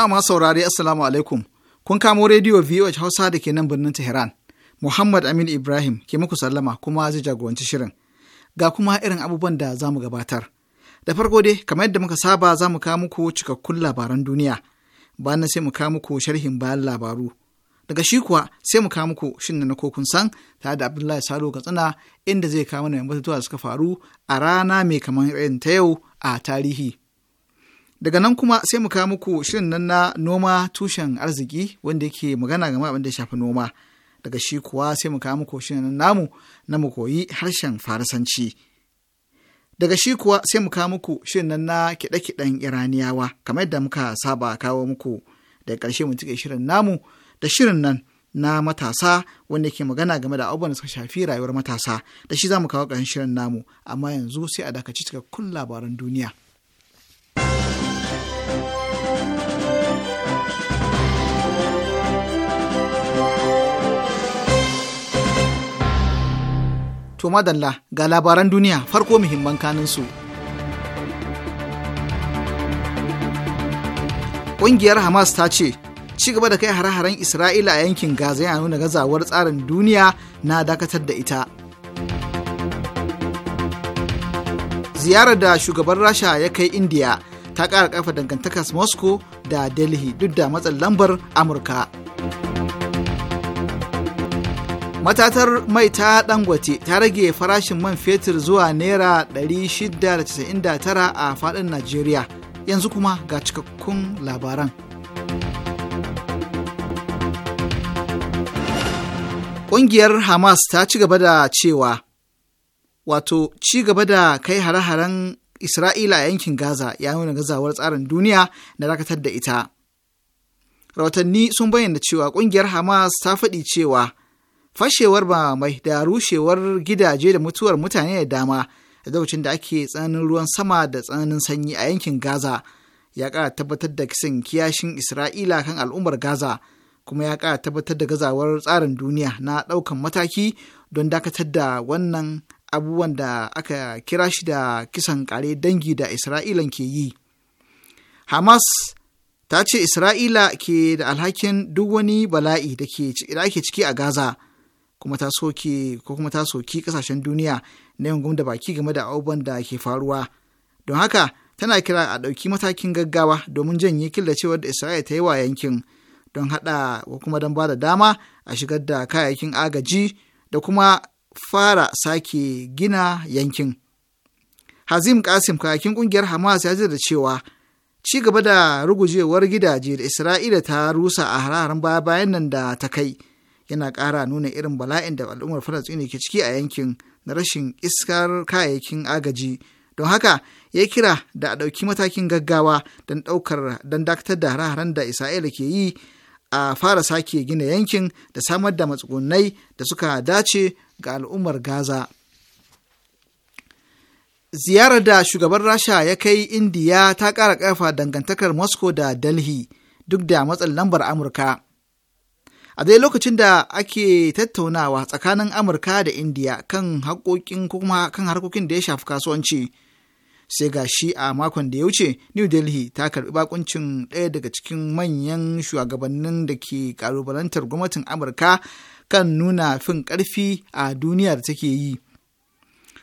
Na'ama saurari Assalamu alaikum. Kun kamo rediyo VOH Hausa da ke nan birnin Tehran. Muhammad Amin Ibrahim ke muku sallama kuma zai jagoranci shirin. Ga kuma irin abubuwan da za mu gabatar. Da farko dai, kamar yadda muka saba za mu kawo muku cikakkun labaran duniya. Bayan sai mu kawo muku sharhin bayan labaru. Daga shi kuwa sai mu kawo muku shin na kokun san tare da Abdullahi Salo Katsina inda zai kawo mana batutuwa da suka faru a rana mai kamar irin ta yau a tarihi. Daga nan kuma sai mu kawo muku shirin nan na noma tushen arziki wanda yake magana game abin da shafi noma. Daga shi kuwa sai mu kawo muku shirin nan namu na mu koyi harshen Farisanci. Daga shi kuwa sai mu kawo muku shirin nan na kiɗe-kiɗen Iraniyawa kamar yadda muka saba kawo muku. Daga ƙarshe mu tuke shirin namu da shirin nan na matasa wanda yake magana game da abubuwan da suka shafi rayuwar matasa da shi za mu kawo ƙarshen shirin namu amma yanzu sai a dakaci cikakkun labaran duniya. To madalla ga labaran duniya farko muhimman kanin su. Ƙungiyar Hamas ta ce ci gaba da kai hare-haren Isra'ila a yankin Gaza yana nuna gazawar tsarin duniya na dakatar da ita. Ziyarar da shugaban Rasha ya kai Indiya ta ƙara ƙarfa dangantakas Moscow da Delhi duk da matsin lambar Amurka. matatar mai ta dangote ta rage farashin man fetur zuwa naira 699 a faɗin najeriya yanzu kuma ga cikakkun labaran ƙungiyar hamas ta ci gaba da cewa wato ci gaba da kai hare-haren isra'ila a yankin gaza ya nuna gazawar tsarin duniya na dakatar da ita rawatanni sun bayyana cewa ƙungiyar hamas ta faɗi cewa fashewar ba mai da rushewar gidaje da mutuwar mutane da dama da lokacin da ake tsananin ruwan sama da tsananin sanyi a yankin gaza ya ƙara tabbatar da kisan kiyashin isra'ila kan al'ummar gaza kuma ya ƙara tabbatar da gazawar tsarin duniya na ɗaukan mataki don dakatar da wannan abubuwan da aka kira shi da kisan ƙare dangi da isra'ilan ke yi hamas ta ce isra'ila ke da alhakin duk wani bala'i da ake ciki a gaza kuma ta soke ko kuma ta soki kasashen duniya na yin gwamnati baki game da abubuwan da ke faruwa don haka tana kira a ɗauki matakin gaggawa domin janye killacewar da isra'ila ta yi wa yankin don haɗa ko kuma don ba da dama a shigar da kayayyakin agaji da kuma fara sake gina yankin hazim kasim kayakin ƙungiyar hamas ya da cewa ci gaba da rugujewar gidaje da isra'ila ta rusa a hararen baya bayan nan da ta kai yana ƙara nuna irin bala'in da al'ummar falastini ke ciki a yankin na rashin iskar kayayyakin agaji don haka ya kira da a ɗauki matakin gaggawa don ɗaukar don dakatar da hare-haren da isra'ila ke yi a fara sake gina yankin da samar da matsugunai da suka dace ga al'ummar gaza ziyarar da shugaban rasha ya kai indiya ta ƙara ƙarfa dangantakar moscow da delhi duk da matsin lambar amurka a dai lokacin da ake tattaunawa tsakanin amurka da indiya kan harkokin kuma kan harkokin da ya shafi kasuwanci sai ga shi a makon da ya wuce new delhi ta karbi bakuncin ɗaya daga cikin manyan shugabannin da ke kalubalantar gwamnatin amurka kan nuna fin ƙarfi a duniya da take yi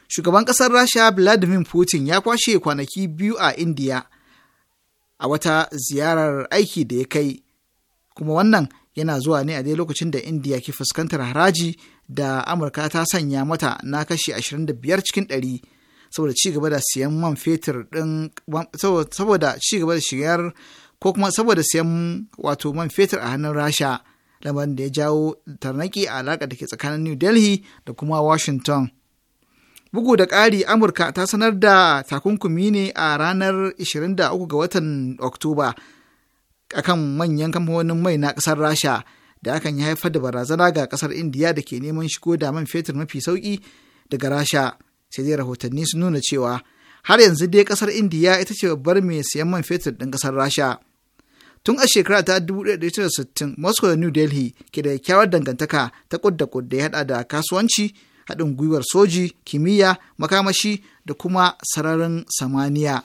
shugaban ƙasar rasha vladimir putin ya kwashe kwanaki biyu a indiya a wata ziyarar aiki da ya kai kuma wannan yana zuwa ne a dai lokacin da indiya ke fuskantar haraji da amurka ta sanya mata na kashi 25 cikin 100 saboda ci da siyan man fetur din saboda cigaba da shigar ko kuma saboda siyan wato man fetur a hannun rasha lamarin da ya jawo tarnaki a alaƙa da ke tsakanin new delhi da kuma washington bugu da ƙari amurka ta sanar da takunkumi ne a ranar 23 ga watan oktoba akan manyan kamfanonin mai na ƙasar Rasha da akan yi haifar da barazana ga ƙasar Indiya da ke neman shigo da man fetur mafi sauki daga Rasha. Sai dai rahotanni su nuna cewa har yanzu dai ƙasar Indiya ita ce babbar mai siyan man fetur ɗin ƙasar Rasha. Tun a shekara ta 1960, Moscow da New Delhi ke da kyakkyawar dangantaka ta kudda kudda ya haɗa da kasuwanci, haɗin gwiwar soji, kimiyya, makamashi da kuma sararin samaniya.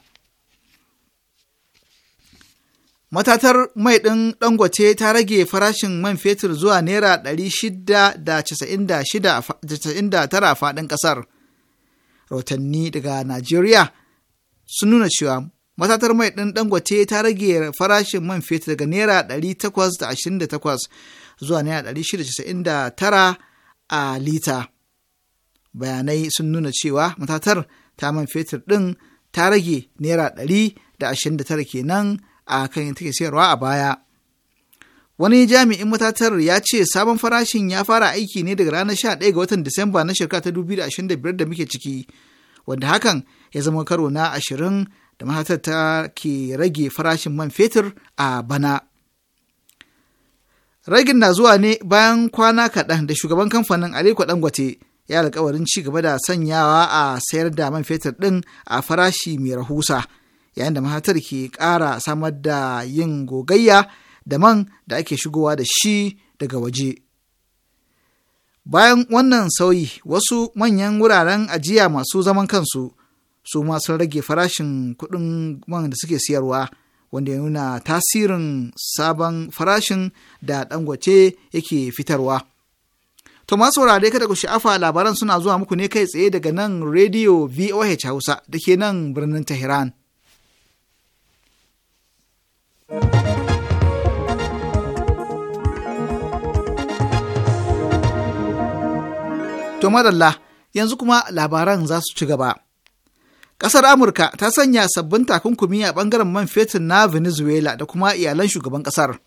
Matatar mai ɗin Dangote ta rage farashin man fetur zuwa Naira tara a faɗin ƙasar. Rotanni daga Najeriya sun nuna cewa matatar mai ɗin Dangote ta rage farashin man fetur daga Naira 828 zuwa Naira 699 a lita. Bayanai sun nuna cewa matatar ta man fetur ɗin ta rage Naira 129 kenan. a kan take sayarwa a baya. Wani jami'in matatar ya ce sabon farashin ya fara aiki ne daga ranar 11 ga watan Disamba na shekara ta 2025 da muke ciki, wanda hakan ya zama karo na ashirin da matatar ta ke rage farashin man fetur a bana. Ragin na zuwa ne bayan kwana kaɗan da shugaban kamfanin Aliko Dangote ya alkawarin ci gaba da sanyawa a sayar da man fetur ɗin a farashi mai rahusa. yayin da mahatar ke ƙara samar da yin gogayya da man da ake shigowa da shi daga waje. Bayan wannan sauyi, wasu manyan wuraren ajiya masu zaman kansu su ma sun rage farashin kuɗin man da suke siyarwa, wanda ya nuna tasirin sabon farashin da ɗangwace yake fitarwa. To masu wurare kada ku sha'afa labaran suna zuwa muku ne kai tsaye daga nan Radio VOH Hausa da ke nan birnin Tehran. To madalla yanzu kuma labaran za su ci gaba. Ƙasar Amurka ta sanya sabbin takunkumi a ɓangaren man fetur na Venezuela da kuma iyalan shugaban ƙasar.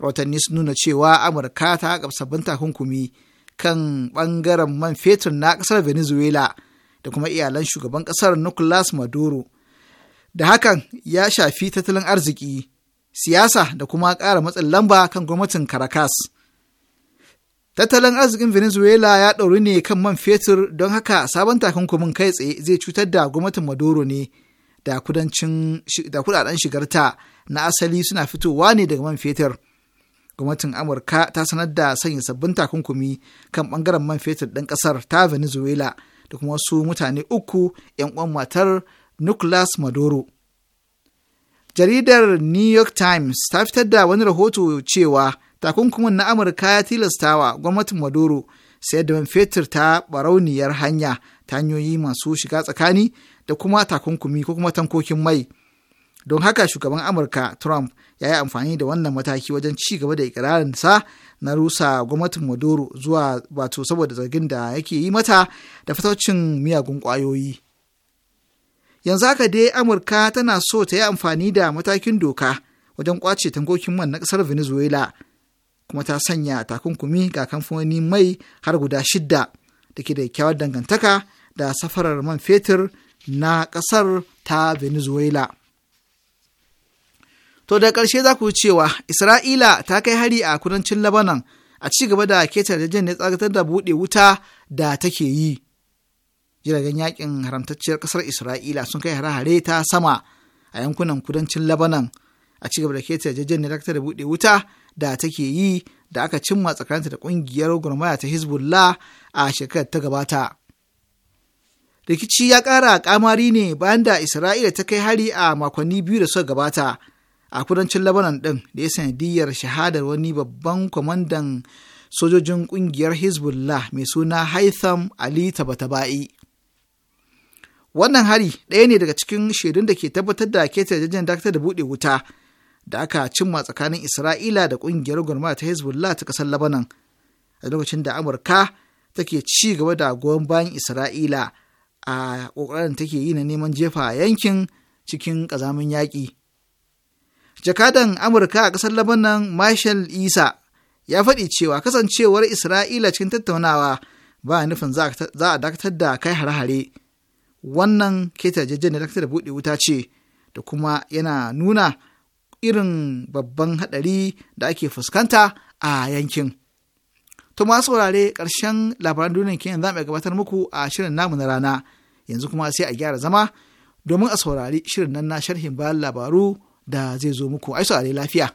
Rautanni sun nuna cewa Amurka ta haƙa sabbin takunkumi kan ɓangaren man fetur na ƙasar Venezuela da kuma iyalan shugaban ƙasar Nicolas Maduro da hakan ya shafi tattalin arziki, siyasa da kuma ƙara matsin lamba kan gwamnatin Caracas. Tattalin arzikin Venezuela ya ɗauri ne kan man fetur don haka sabon takunkumin kai tsaye zai cutar da gwamnatin Maduro ne da kudaden shigarta na asali suna fitowa ne daga man fetur. Gwamnatin Amurka ta sanar da sanya sabbin takunkumi kan ɓangaren man fetur ɗin ƙasar ta Venezuela da kuma wasu mutane uku 'yan uwan matar Nicolas Maduro. Jaridar New York Times ta fitar da wani rahoto cewa takunkumin na Amurka ya tilastawa gwamnatin Maduro sai da fetur ta barauniyar hanya ta hanyoyi masu shiga tsakani da kuma takunkumi ko kuma tankokin mai. Don haka shugaban Amurka Trump ya yi amfani da wannan mataki wajen ci gaba da ikirarinsa na rusa gwamnatin Maduro zuwa wato saboda zargin da yake yi mata da fataucin miyagun kwayoyi. yanzu haka dai amurka tana so ta yi amfani da matakin doka wajen kwace tankokin man na kasar venezuela kuma ta sanya takunkumi ga kamfanonin mai har guda shidda da ke da kyawar dangantaka da safarar man fetur na ƙasar ta venezuela to da ƙarshe za ku cewa isra'ila ta kai hari a kudancin labanan a ci gaba da keta da jin tsagatar da buɗe wuta da take yi jiragen yakin haramtacciyar kasar isra'ila sun kai hare-hare ta sama a yankunan kudancin labanan a cigaba da keta yarjejeniyar ne da buɗe wuta da take yi da aka cimma tsakaninta da ƙungiyar gwamnati ta hezbollah a shekarar ta gabata rikici ya ƙara kamari ne bayan da isra'ila ta kai hari a makonni biyu da suka gabata a kudancin labanan ɗin da ya sanadiyar shahadar wani babban kwamandan sojojin ƙungiyar hezbollah mai suna haitham ali tabatabai wannan hari ɗaya ne daga cikin shaidun da ke tabbatar da keta jajen dakatar da buɗe wuta da aka cimma tsakanin isra'ila da ƙungiyar gwamnati ta hezbollah ta ƙasar labanan a lokacin da amurka take ci gaba da goyon bayan isra'ila a ƙoƙarin take yi na neman jefa yankin cikin ƙazamin yaƙi jakadan amurka a ƙasar labanan marshal isa ya faɗi cewa kasancewar isra'ila cikin tattaunawa ba nufin za a dakatar da kai hare-hare wannan keta yarjejeniyar da da buɗe wuta ce da kuma yana nuna irin babban haɗari da ake fuskanta a yankin. To masu saurare ƙarshen labaran duniyar kenan za mu gabatar muku a shirin namu na rana yanzu kuma sai a gyara zama domin a saurari shirin nan na sharhin bayan labaru da zai zo muku ai saurare lafiya.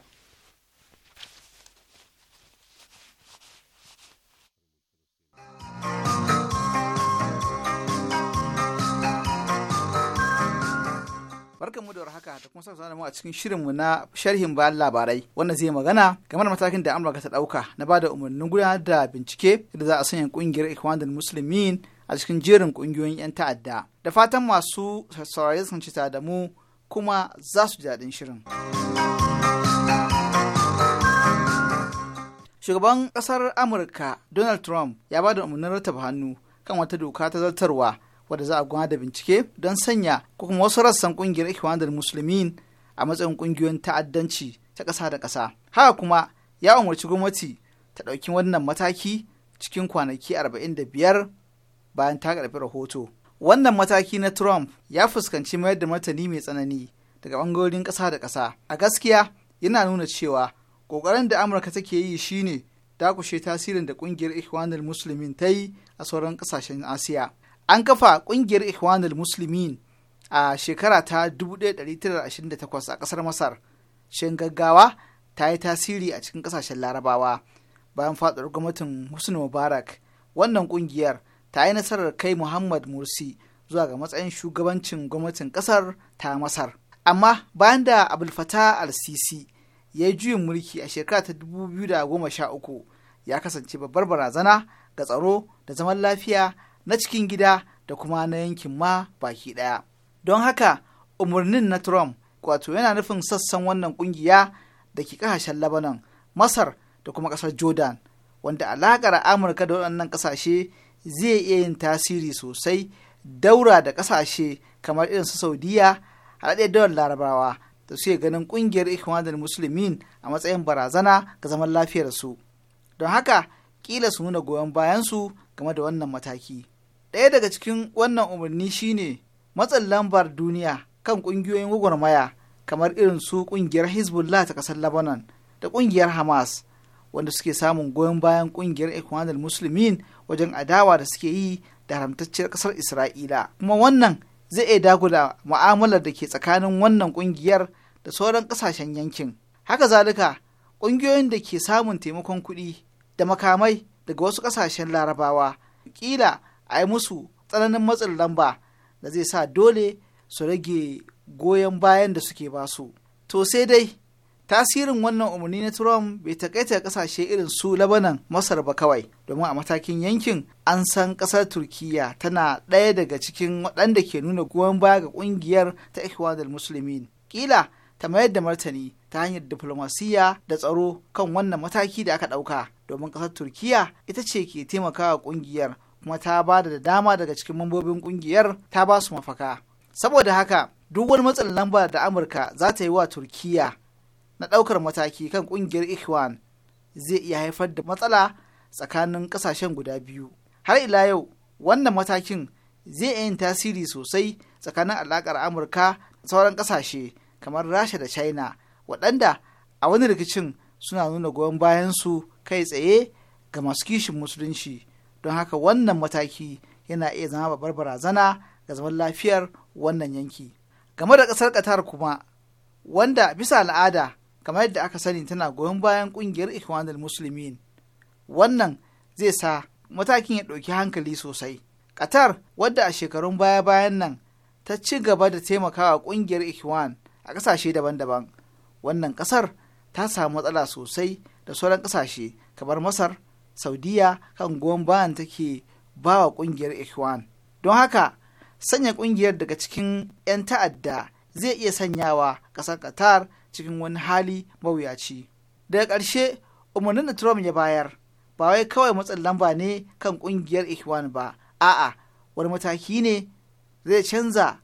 barkan mu da warhaka ta kuma da mu a cikin shirinmu na sharhin bayan labarai wanda zai magana game da matakin da amurka ta dauka na bada umarnin gudanar da bincike da za a sanya kungiyar ikwanul musulmin a cikin jerin kungiyoyin yan ta'adda da fatan masu saurayi sun cita da mu kuma za su ji daɗin shirin. Shugaban ƙasar Amurka Donald Trump ya ba da umarnin rattaba hannu kan wata doka ta zartarwa wadda za a gudanar da bincike don sanya ko kuma wasu rassan kungiyar ikhwanul muslimin a matsayin kungiyoyin ta'addanci ta ƙasa da ƙasa haka kuma ya umarci gwamnati ta ɗauki wannan mataki cikin kwanaki arba'in da biyar bayan ta karɓi rahoto wannan mataki na trump ya fuskanci mayar da martani mai tsanani daga ɓangarorin ƙasa da ƙasa a gaskiya yana nuna cewa ƙoƙarin da amurka take yi shine dakushe tasirin da ƙungiyar ikhwanul muslimin ta yi a sauran ƙasashen asiya an kafa ƙungiyar ikhwanul muslimin a shekara ta 1928 a ƙasar masar shin gaggawa ta yi tasiri a cikin ƙasashen larabawa bayan faɗuwar gwamnatin husni mubarak wannan ƙungiyar ta yi nasarar kai muhammad mursi zuwa ga matsayin shugabancin gwamnatin ƙasar ta masar amma bayan da abulfata al-sisi ya yi juyin mulki a shekara ta 2013 ya kasance babbar barazana ga tsaro da zaman lafiya na cikin gida da kuma na yankin ma baki ɗaya. Don haka umarnin na Trump wato yana nufin sassan wannan kungiya da ke ƙasashen Lebanon, Masar da kuma ƙasar Jordan, wanda alaƙar Amurka da waɗannan ƙasashe zai iya yin tasiri sosai daura da ƙasashe kamar irin su Saudiya, haɗaɗɗiyar da Larabawa da su ganin ƙungiyar Ikhwanul Musulmin a matsayin barazana ga zaman lafiyarsu. Don haka, kila su nuna goyon bayansu game da wannan mataki. ɗaya daga cikin wannan umarni shine matsin lambar duniya kan ƙungiyoyin gwagwarmaya kamar irin su ƙungiyar hezbollah ta ƙasar lebanon da ƙungiyar hamas wanda suke samun goyon bayan ƙungiyar ikwanul musulmin wajen adawa da suke yi da haramtacciyar ƙasar isra'ila kuma wannan zai iya dagula mu'amalar da ke tsakanin wannan ƙungiyar da sauran ƙasashen yankin haka zalika ƙungiyoyin da ke samun taimakon kuɗi da makamai daga wasu ƙasashen larabawa kila a yi musu tsananin matsin lamba da zai sa dole su rage goyon bayan da suke ba su To sai dai tasirin wannan umarni na Trump bai takaita kasashe irin su Labanan Masar ba kawai domin a matakin yankin an san kasar Turkiyya tana ɗaya daga cikin waɗanda ke nuna goyon baya ga ƙungiyar ta Ikhwanul Muslimin. Kila ta mayar da martani ta hanyar diflomasiyya da tsaro kan wannan mataki da aka ɗauka domin ƙasar Turkiyya ita ce ke taimakawa ƙungiyar kuma ta ba da dama daga cikin mambobin kungiyar ta ba su mafaka saboda haka duk wani matsin lamba da amurka za ta yi wa turkiya na ɗaukar mataki kan kungiyar ikhwan zai iya haifar da matsala tsakanin ƙasashen guda biyu har ila yau wannan matakin zai iya yin tasiri sosai tsakanin alaƙar amurka da sauran ƙasashe kamar rasha da china waɗanda a wani rikicin suna nuna goyon su kai tsaye ga masu kishin musulunci don haka wannan mataki yana iya zama babbar barazana ga zaman lafiyar wannan yanki game da ƙasar qatar kuma wanda bisa al'ada kamar yadda aka sani tana goyon bayan ƙungiyar ikhwanul muslimin wannan zai sa matakin ya ɗauki hankali sosai qatar wadda a shekarun baya bayan nan ta ci gaba da taimakawa ƙungiyar ikhwan a ƙasashe daban-daban wannan ƙasar ta samu matsala sosai da sauran ƙasashe kamar masar saudiya kan goyon bayan take ba wa ƙungiyar ikhwan don haka sanya ƙungiyar daga cikin 'yan ta'adda zai iya sanyawa ƙasar qatar cikin wani hali mawuyaci daga ƙarshe umarnin da trump ya bayar ba wai kawai matsin lamba ne kan ƙungiyar ikhwan ba a'a wani mataki ne zai canza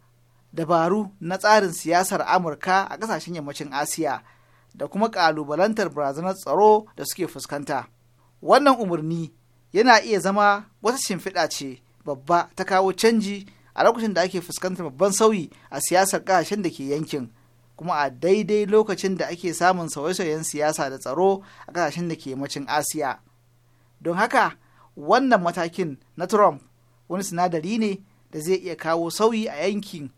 dabaru na tsarin siyasar amurka a ƙasashen yammacin asiya da kuma ƙalubalantar barazanar tsaro da suke fuskanta. wannan umarni yana iya zama wata shimfiɗa ce babba ta kawo canji a lokacin da ake fuskantar babban sauyi a siyasar ƙasashen da ke yankin kuma a daidai lokacin da ake samun sauye-sauyen siyasa da tsaro a ƙasashen da ke yammacin asiya don haka wannan matakin na trump wani sinadari ne da zai iya kawo sauyi a yankin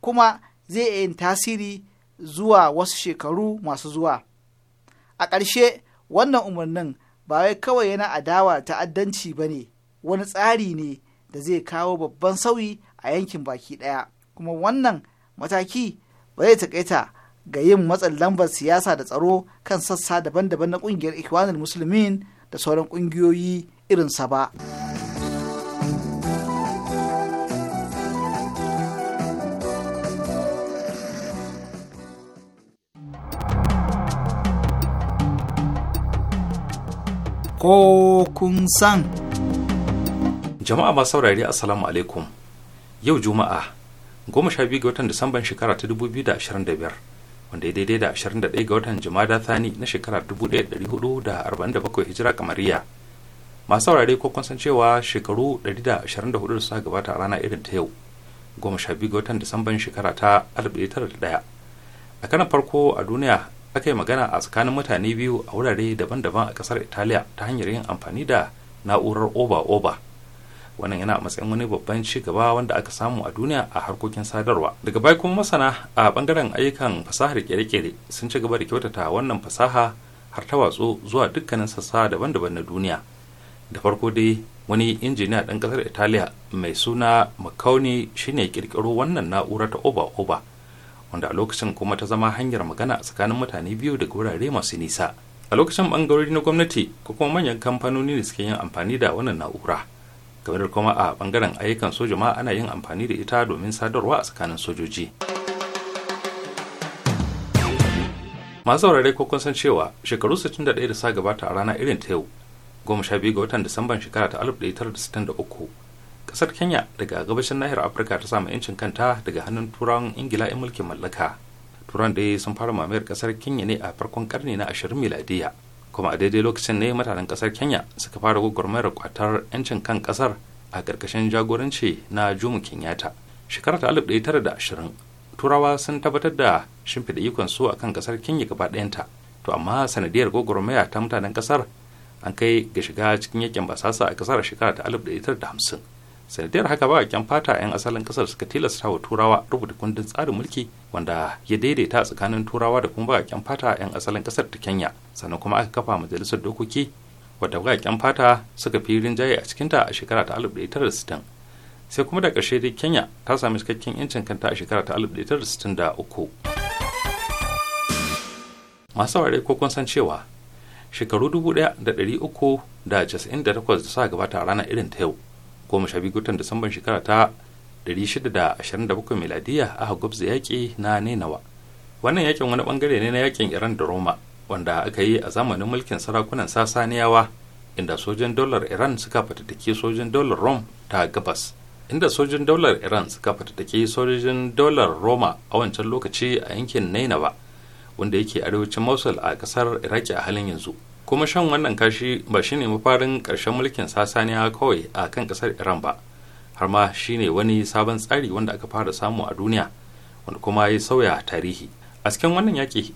kuma zai iya yin tasiri zuwa wasu shekaru masu zuwa a ƙarshe wannan umarnin ba wai kawai yana adawa ta'addanci ba ne wani tsari ne da zai kawo babban sauyi a yankin baki ɗaya kuma wannan mataki ba zai taƙaita ga yin matsin lambar siyasa da tsaro kan sassa daban-daban na ƙungiyar ikwanul musulmin da sauran ƙungiyoyi irinsa ba. ko kun san. Jama'a masu saurari Assalamu alaikum. Yau Juma'a, goma sha biyu ga watan Disamban shekara ta dubu biyu da ashirin da biyar, wanda ya daidai da ashirin da ɗaya ga watan Jumada Thani na shekara dubu ɗaya ɗari hudu da arba'in da bakwai hijira kamariya. Masu saurari ko kun san cewa shekaru ɗari da ashirin da hudu da suka gabata a rana irin ta yau, goma sha biyu ga watan Disamban shekara ta alif ɗaya tara da ɗaya. A kanan farko a duniya aka yi magana a tsakanin mutane biyu a wurare daban-daban a kasar italiya ta hanyar yin amfani da na'urar oba-oba wannan yana matsayin wani babban ci gaba wanda aka samu a duniya a harkokin sadarwa daga baya kuma masana a bangaren ayyukan fasahar kere-kere sun ci gaba da kyautata wannan fasaha har ta watsu zuwa dukkanin sassa daban-daban na duniya da farko dai wani injiniya ɗan ƙasar italiya mai suna makauni shine kirkiro wannan na'ura ta oba-oba wanda a lokacin kuma ta zama hanyar magana a tsakanin mutane biyu da wurare masu nisa a lokacin bangarori na gwamnati ko kuma manyan kamfanoni da suke yin amfani da wannan na'ura game da kuma a bangaren ayyukan soja ma ana yin amfani da ita domin sadarwa a tsakanin sojoji masu saurare ko kun san cewa shekaru 61 da sa gabata a rana irin ta yau 12 ga watan disamban shekara ta 1963 kasar kenya daga gabashin nahiyar afirka ta samu 'yancin kanta daga hannun turawan ingila 'yan mulkin mallaka turan dai sun fara mamayar kasar kenya ne a farkon karni na 20 miladiya kuma a daidai lokacin ne mutanen kasar kenya suka fara gwagwarmayar kwatar 'yancin kan kasar a ƙarƙashin jagoranci na jomo kenyatta shekarar ta 1920 turawa sun tabbatar da shimfiɗa ikon su akan kasar kenya gaba ɗayanta to amma sanadiyar gwagwarmaya ta mutanen kasar an kai ga shiga cikin yakin basasa a kasar shekara ta 1950 sanadiyar haka ba kyan fata 'yan asalin kasar suka tilasta wa turawa rubuta kundin tsarin mulki wanda ya daidaita tsakanin turawa da kuma baƙaƙen fata 'yan asalin kasar ta kenya sannan kuma aka kafa majalisar dokoki wadda baƙaƙen fata suka fi rinjaye a cikinta a shekara ta 1960 sai kuma da karshe dai kenya ta sami cikakken 'yancin kanta a shekara ta 1963 masu ware ko kun san cewa shekaru dubu 1398 da casa'in suka gabata a ranar irin ta yau goma sha biyu watan disamban shekara ta 627 miladiya aka gwabza yaƙi na nenawa wannan yakin wani bangare ne na yakin iran da roma wanda aka yi a zamanin mulkin sarakunan sasaniyawa inda sojin dolar iran suka fatattake sojin dolar rom ta gabas inda sojin dolar iran suka fatattake sojin dolar roma a wancan lokaci a yankin nainawa wanda yake arewacin mosul a kasar iraki a halin yanzu kuma shan wannan kashi ba shi ne mafarin ƙarshen mulkin sasaniya kawai a kan ƙasar iran ba har ma ne wani sabon tsari wanda aka fara samu a duniya wanda kuma ya sauya tarihi a cikin wannan yaƙi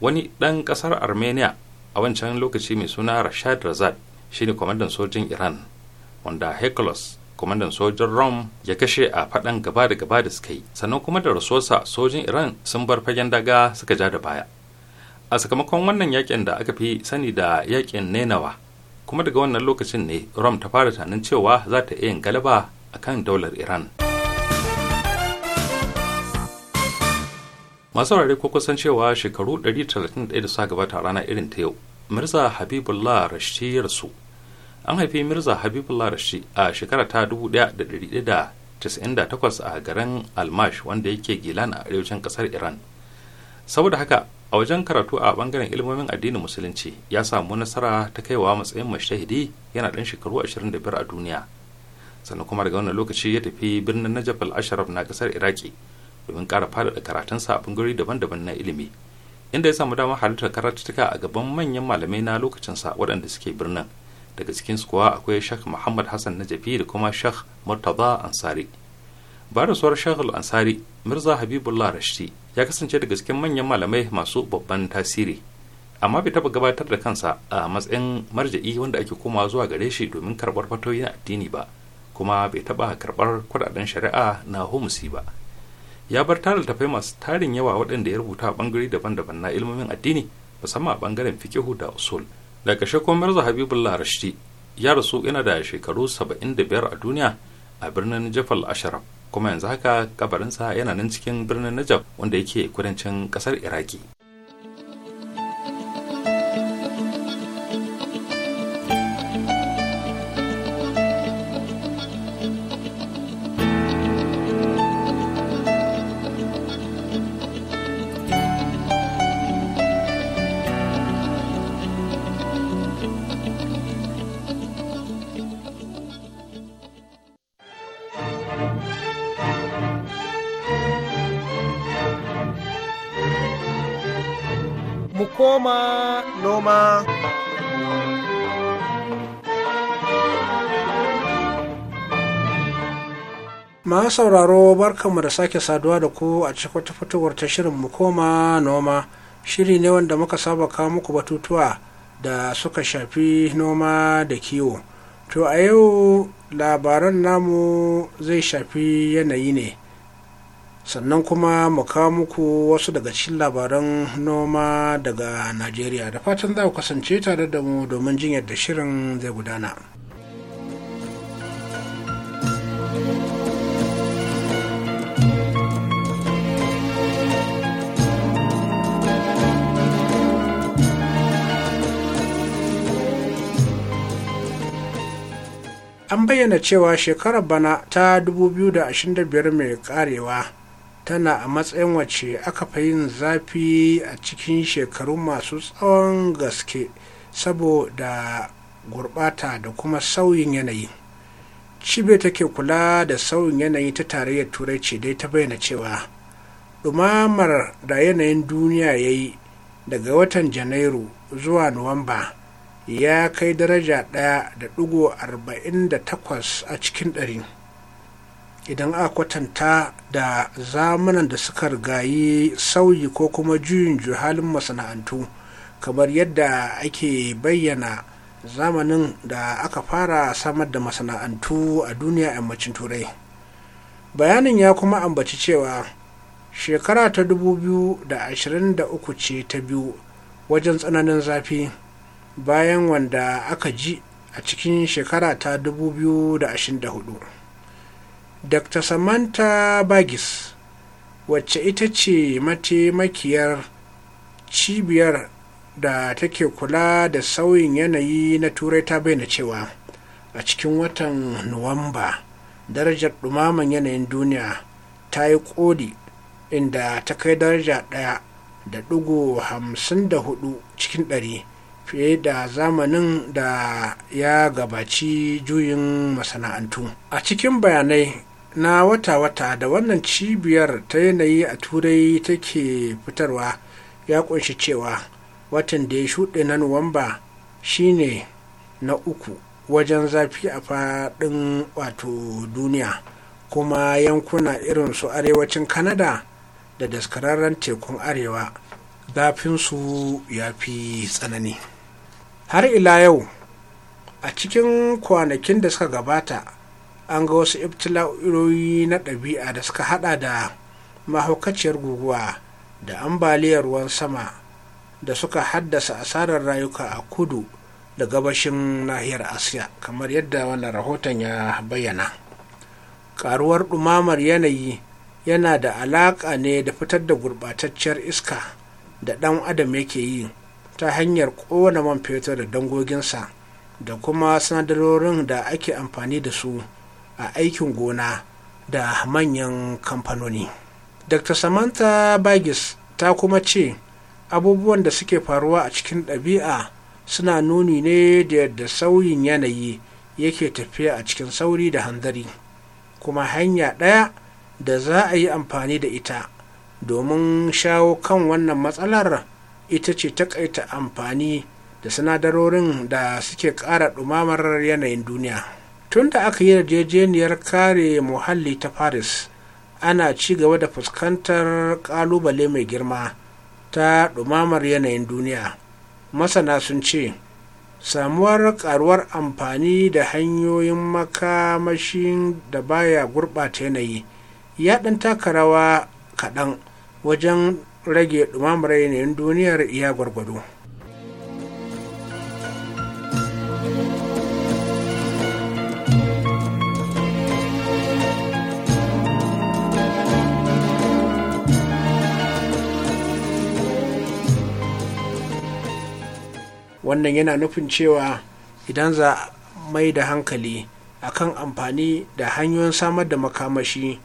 wani ɗan ƙasar armenia a wancan lokaci mai suna rashad razad ne kwamandan sojin iran wanda heklos kwamandan sojin rom ya kashe a faɗan gaba da gaba da suka yi sannan kuma da rasuwarsa sojin iran sun bar fagen daga suka ja da baya a sakamakon wannan yakin da aka fi sani da yakin nenawa kuma daga wannan lokacin ne rom ta fara tunanin cewa za ta iya yin galaba kan daular iran masu rare ko kusan cewa shekaru 131 da suka gabata rana irin ta yau mirza habibullah rashi ya rasu an haifi mirza habibullah rashi a shekara ta 1198 a garin almash wanda yake gilan a arewacin kasar iran saboda haka a wajen karatu a bangaren ilimomin addinin musulunci ya samu nasara ta kaiwa matsayin mashtahidi yana ɗan shekaru 25 a duniya sannan kuma daga wannan lokaci ya tafi birnin najaf al-asharaf na kasar iraki domin ƙara faɗaɗa karatunsa a bangarori daban-daban na ilimi inda ya samu damar halartar karatuttuka a gaban manyan malamai na sa waɗanda suke birnin daga su kuwa akwai shak muhammad hassan najafi da kuma shak murtaza ansari ba da suwar shak al-ansari mirza habibullah rashidi ya kasance daga cikin manyan malamai masu babban tasiri amma bai taba gabatar da kansa a matsayin marja'i wanda ake komawa zuwa gare shi domin karbar fatoyin addini ba kuma bai taba karbar kudaden shari'a na humusi ba ya bar tarin tafai masu tarin yawa waɗanda ya rubuta a bangare daban-daban na ilmomin addini musamman a bangaren fikihu da usul da ƙarshe kuma mirza habibullah rashidi ya rasu yana da shekaru saba'in da biyar a duniya a birnin jafal asharaf kuma yanzu haka kabarinsa yana nan cikin birnin najaf wanda yake kudancin kasar iraki noma noma masu sauraro barkanmu da sake saduwa da ku a cikin wata fitowar ta shirin mu koma noma shiri ne wanda muka saba kawo muku batutuwa da suka shafi noma da kiwo to a yau labaran namu zai shafi yanayi ne sannan kuma mu kawo muku wasu daga cikin labaran noma daga najeriya da fatan za ku kasance tare da mu domin jin yadda shirin zai gudana an bayyana cewa shekarar bana ta 2025 mai karewa tana a matsayin wace aka fi yin zafi a cikin shekaru masu tsawon gaske saboda gurbata da kuma sauyin yanayi cibe take kula da sauyin yanayi ta tarayyar turai ce dai ta bayyana cewa ɗumamar da yanayin duniya ya yi daga watan janairu zuwa nuwamba ya kai daraja ɗaya da ɗigo arba'in da takwas a cikin ɗari idan a kwatanta da zamanan da suka rigayi sauyi ko kuma juyin halin masana'antu kamar yadda ake bayyana zamanin da aka fara samar da masana'antu a duniya yammacin turai bayanin ya kuma ambaci cewa shekara ta 2023 ce ta biyu wajen tsananin zafi bayan wanda aka ji a cikin shekara ta 2024 dr samantha bagis wacce ita ce mataimakiyar cibiyar da take kula da sauyin yanayi na turai ta bayyana cewa a cikin watan nuwamba darajar dumaman yanayin duniya ta yi koli, inda ta kai daraja ɗaya da ɗugu hamsin da hudu cikin ɗari fiye da zamanin da ya gabaci juyin masana'antu a cikin bayanai na wata-wata da wannan cibiyar ta yanayi a turai take fitarwa ya kunshi cewa watan da ya shuɗe na nuwamba shine na uku wajen zafi a faɗin wato duniya kuma yankuna irin su arewacin Kanada da daskararren tekun arewa zafinsu ya fi tsanani har ila yau a cikin kwanakin da suka gabata an ga wasu iftila'o'i na ɗabi'a da suka hada da mahaukaciyar guguwa da ambaliyar ruwan sama da suka haddasa asarar rayuka a kudu da gabashin nahiyar asiya kamar yadda wannan rahoton ya bayyana karuwar ɗumamar yanayi yana da alaƙa ne da fitar da gurɓatacciyar iska da ɗan adam yake yi ta hanyar ƙona man fetur da dangoginsa da kuma sinadarorin da ake amfani da su a aikin gona da manyan kamfanoni dr samantha bagis ta kuma ce abubuwan da suke faruwa a cikin ɗabi'a suna nuni ne da yadda sauyin yanayi yake tafiya a cikin sauri da hanzari kuma hanya ɗaya da za a yi amfani da ita domin shawo kan wannan matsalar ita ce takaita amfani da sinadarorin da suke ƙara ɗumamar yanayin duniya tun da aka yi yarjejeniyar kare muhalli ta paris ana ci gaba da fuskantar kalubale mai girma ta dumamar yanayin duniya masana sun ce samuwar karuwar amfani da hanyoyin makamashin da baya gurɓata yanayi ya ɗan taka rawa kaɗan wajen rage dumamar yanayin duniyar iya gwargwado. wannan yana nufin cewa idan za mai da hankali kan amfani da hanyoyin samar da makamashi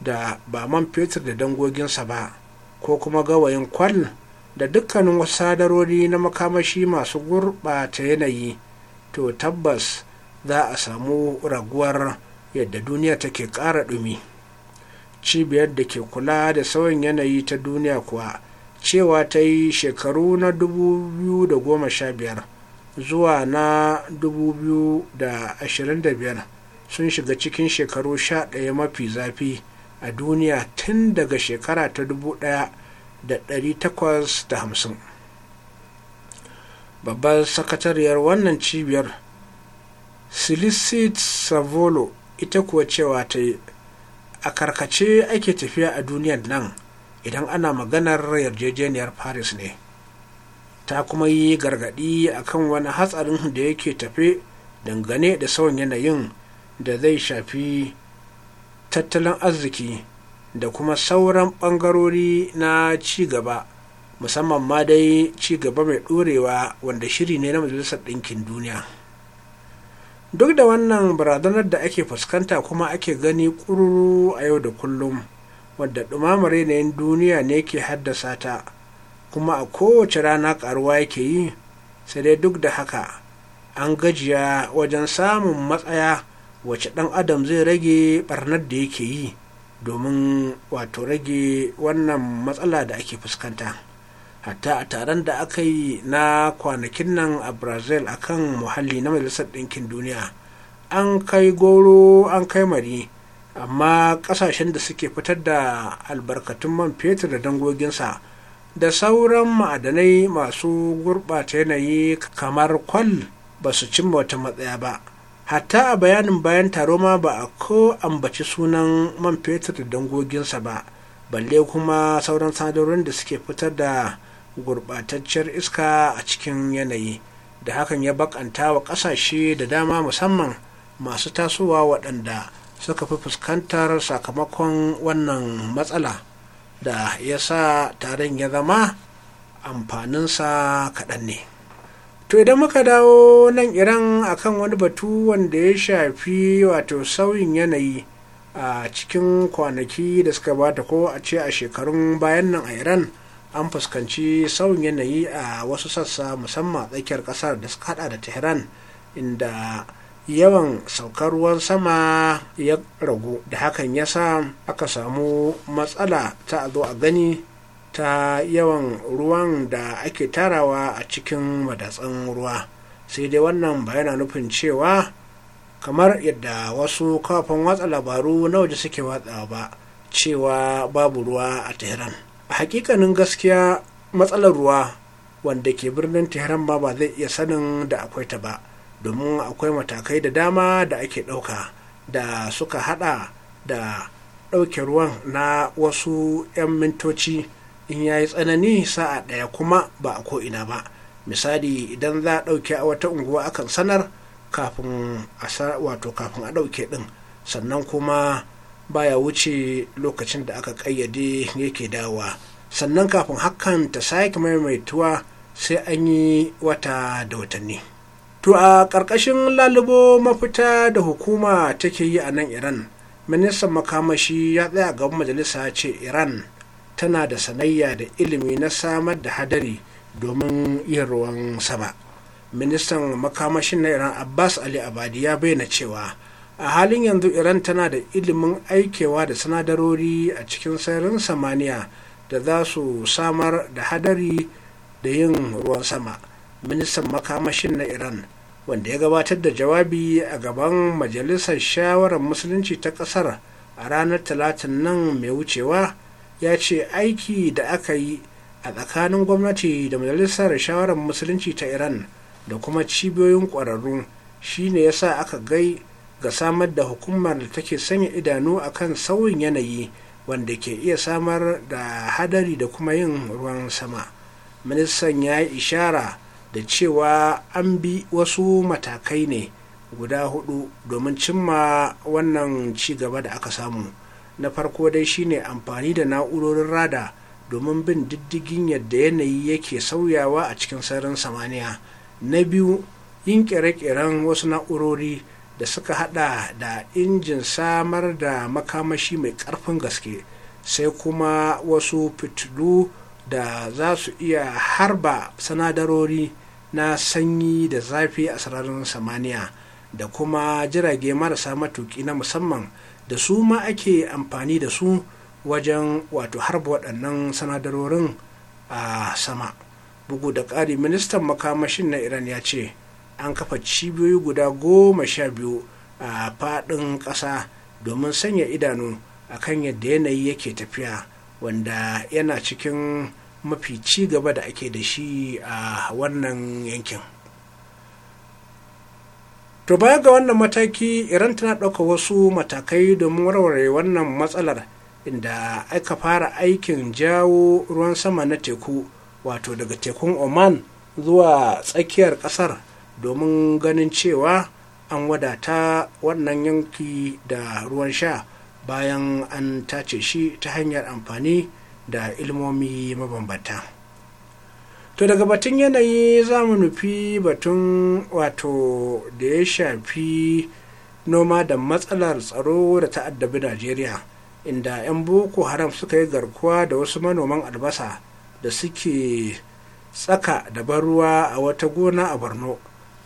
da ba man fetur da dangoginsa ba ko kuma gawayin kwal da dukkanin wasu sadarori na makamashi masu gurɓata yanayi to tabbas za a samu raguwar yadda duniya take ƙara ɗumi cibiyar da ke kula da sauyin yanayi ta duniya kuwa cewa ta yi shekaru na 2015 zuwa na 2025 sun shiga cikin shekaru 11 mafi zafi a duniya tun daga shekara ta 1850 babbar sakatariyar wannan cibiyar silicit savolo ita kuwa cewa ta yi a karkace ake tafiya a duniyar nan idan ana maganar yarjejeniyar paris ne ta kuma yi gargaɗi akan wani hatsarin da yake tafe dangane da sauyin yanayin da zai shafi tattalin arziki da kuma sauran ɓangarori na cigaba, musamman ma dai ci gaba mai ɗorewa wanda shiri ne na majalisar ɗinkin duniya duk da wannan barazanar da ake fuskanta kuma ake gani ƙururu a yau da kullum wadda ɗumamar yanayin duniya ne ke haddasa ta kuma a kowace rana ƙaruwa yake yi sai dai duk da haka an gajiya wajen samun matsaya wacce ɗan adam zai rage ɓarnar da yake yi domin wato rage wannan matsala da ake fuskanta hatta a taron da aka yi na kwanakin nan a brazil akan muhalli na majalisar ɗinkin duniya an kai goro an kai mari amma kasashen da suke fitar da albarkatun man fetur da dangoginsa da sauran ma'adanai masu gurɓata yanayi kamar kwal ba su cimma wata matsaya ba hatta a bayanin bayan taro ma ba a ko ambaci sunan man fetur da dangoginsa ba balle kuma sauran sadarorin da suke fitar da gurɓatacciyar iska a cikin yanayi da hakan ya bakanta wa ƙasashe da dama musamman masu tasowa waɗanda suka fi fuskantar sakamakon wannan matsala da ya sa taron ya zama amfaninsa kaɗan ne to idan muka dawo nan iran akan wani batu wanda ya shafi wato sauyin yanayi a cikin kwanaki da suka bata ko a ce a shekarun bayan nan a iran an fuskanci sauyin yanayi a wasu sassa musamman tsakiyar kasar da suka hada da tehran inda yawan saukar ruwan sama ya ragu da hakan ya sa aka samu matsala ta zo a gani ta yawan ruwan da ake tarawa a cikin madatsan ruwa sai dai wannan ba yana nufin cewa kamar yadda wasu kafin watsa labaru na waje suke watsa ba cewa babu ruwa a tehran a hakikanin gaskiya matsalar ruwa wanda ke birnin tehran ma ba zai iya sanin da akwai ta ba domin akwai matakai da dama da ake ɗauka da suka hada da ɗauke ruwan na wasu 'yan mintoci in ya yi tsanani sa'a ɗaya kuma ba a ko'ina ba misali idan za a ɗauke a wata unguwa akan sanar kafin a wato kafin a ɗauke ɗin sannan kuma baya wuce lokacin da aka ƙayyade yake dawa sannan kafin hakan ta sake maimaituwa sai an yi wata da watanni. to a ƙarƙashin lalubo mafita da hukuma take yi a nan iran ministan makamashi ya tsaya gaban majalisa ce iran tana da sanayya da ilimi na samar da hadari domin yin ruwan sama ministan makamashin na iran abbas ali abadi ya bayyana cewa a halin yanzu iran tana da ilimin aikewa da sanadarori a cikin sararin samaniya da za su samar da hadari da yin ruwan sama ministan makamashin na iran wanda ya gabatar da jawabi a gaban majalisar shawarar musulunci ta kasar a ranar talatin nan mai wucewa ya ce aiki da aka yi a tsakanin gwamnati da majalisar shawarar musulunci ta iran da kuma cibiyoyin ƙwararru shine ya sa aka gai ga samar da hukumar da take sanya idanu akan sauyin yanayi wanda ke iya samar da hadari da kuma yin ruwan sama ministan ya yi ishara da cewa an bi wasu matakai ne guda hudu domin cimma wannan ci gaba da aka samu na farko dai shine amfani da na'urorin rada domin bin diddigin yadda yanayi yake sauyawa a cikin sararin samaniya na biyu yin kere-keren wasu na'urori da suka hada da injin samar da makamashi mai karfin gaske sai kuma wasu fitilu da za su iya harba sanadarori na sanyi da zafi a sararin samaniya da kuma jirage marasa matuki na musamman da su ma ake amfani da su wajen wato harba waɗannan sanadarorin a sama bugu da ƙari ministan makamashin na iran ya ce an kafa cibiyoyi guda goma sha biyu a faɗin ƙasa domin sanya idanu a kan yadda yanayi yake tafiya wanda yana cikin mafi ci gaba da ake da shi a wannan yankin to baya ga wannan mataki iran tana ɗauka wasu matakai domin warware wannan matsalar inda aka fara aikin jawo ruwan sama na teku wato daga tekun oman zuwa tsakiyar ƙasar domin ganin cewa an wadata wannan yanki da ruwan sha bayan an tace shi ta hanyar amfani da ilmomi mabambanta to daga batun yanayi za mu nufi batun wato da ya shafi noma da matsalar tsaro da ta'addabi najeriya inda 'yan boko haram suka yi garkuwa da wasu manoman albasa da suke tsaka da ban ruwa a wata gona a borno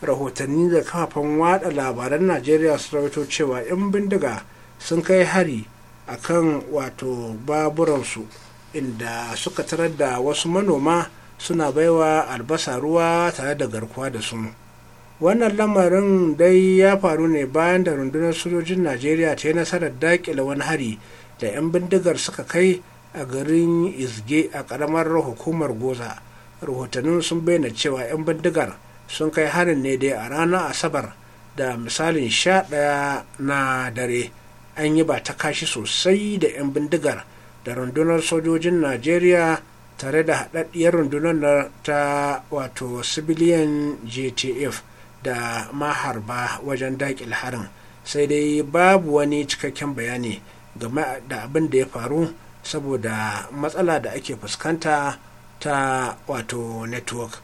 rahotanni da kafafen watsa labaran najeriya su rawaito cewa 'yan bindiga sun kai hari a kan wato baburansu inda suka tarar da wasu manoma suna baiwa albasa ruwa tare da garkuwa da su wannan lamarin dai ya faru ne bayan da rundunar sojojin najeriya ta yi nasarar daƙile wani hari da 'yan bindigar suka kai a garin izge a ƙaramar hukumar goza rahotannin sun bayyana cewa 'yan bindigar sun kai harin ne dai a ranar asabar da misalin sha ɗaya na dare an yi ba ta kashi sosai da 'yan bindigar da rundunar sojojin najeriya tare da haɗaɗɗiyar rundunar ta wato civilian gtf da maharba wajen daƙil harin sai dai babu wani cikakken bayani game da abin da ya faru saboda matsala da ake fuskanta ta wato network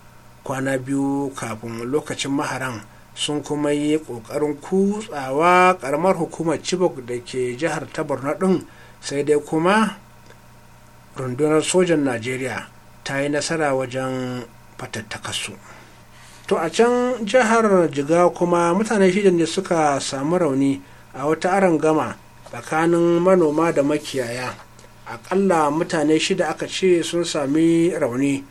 kwana biyu kafin lokacin maharan sun kuma yi ƙoƙarin kutsawa ƙaramar hukumar chibok da ke jihar ta borno ɗin sai dai kuma rundunar sojan najeriya ta yi nasara wajen su. to a can jihar jiga kuma mutane shida ne suka samu rauni a wata aron gama tsakanin manoma da makiyaya akalla mutane shida aka ce sun sami rauni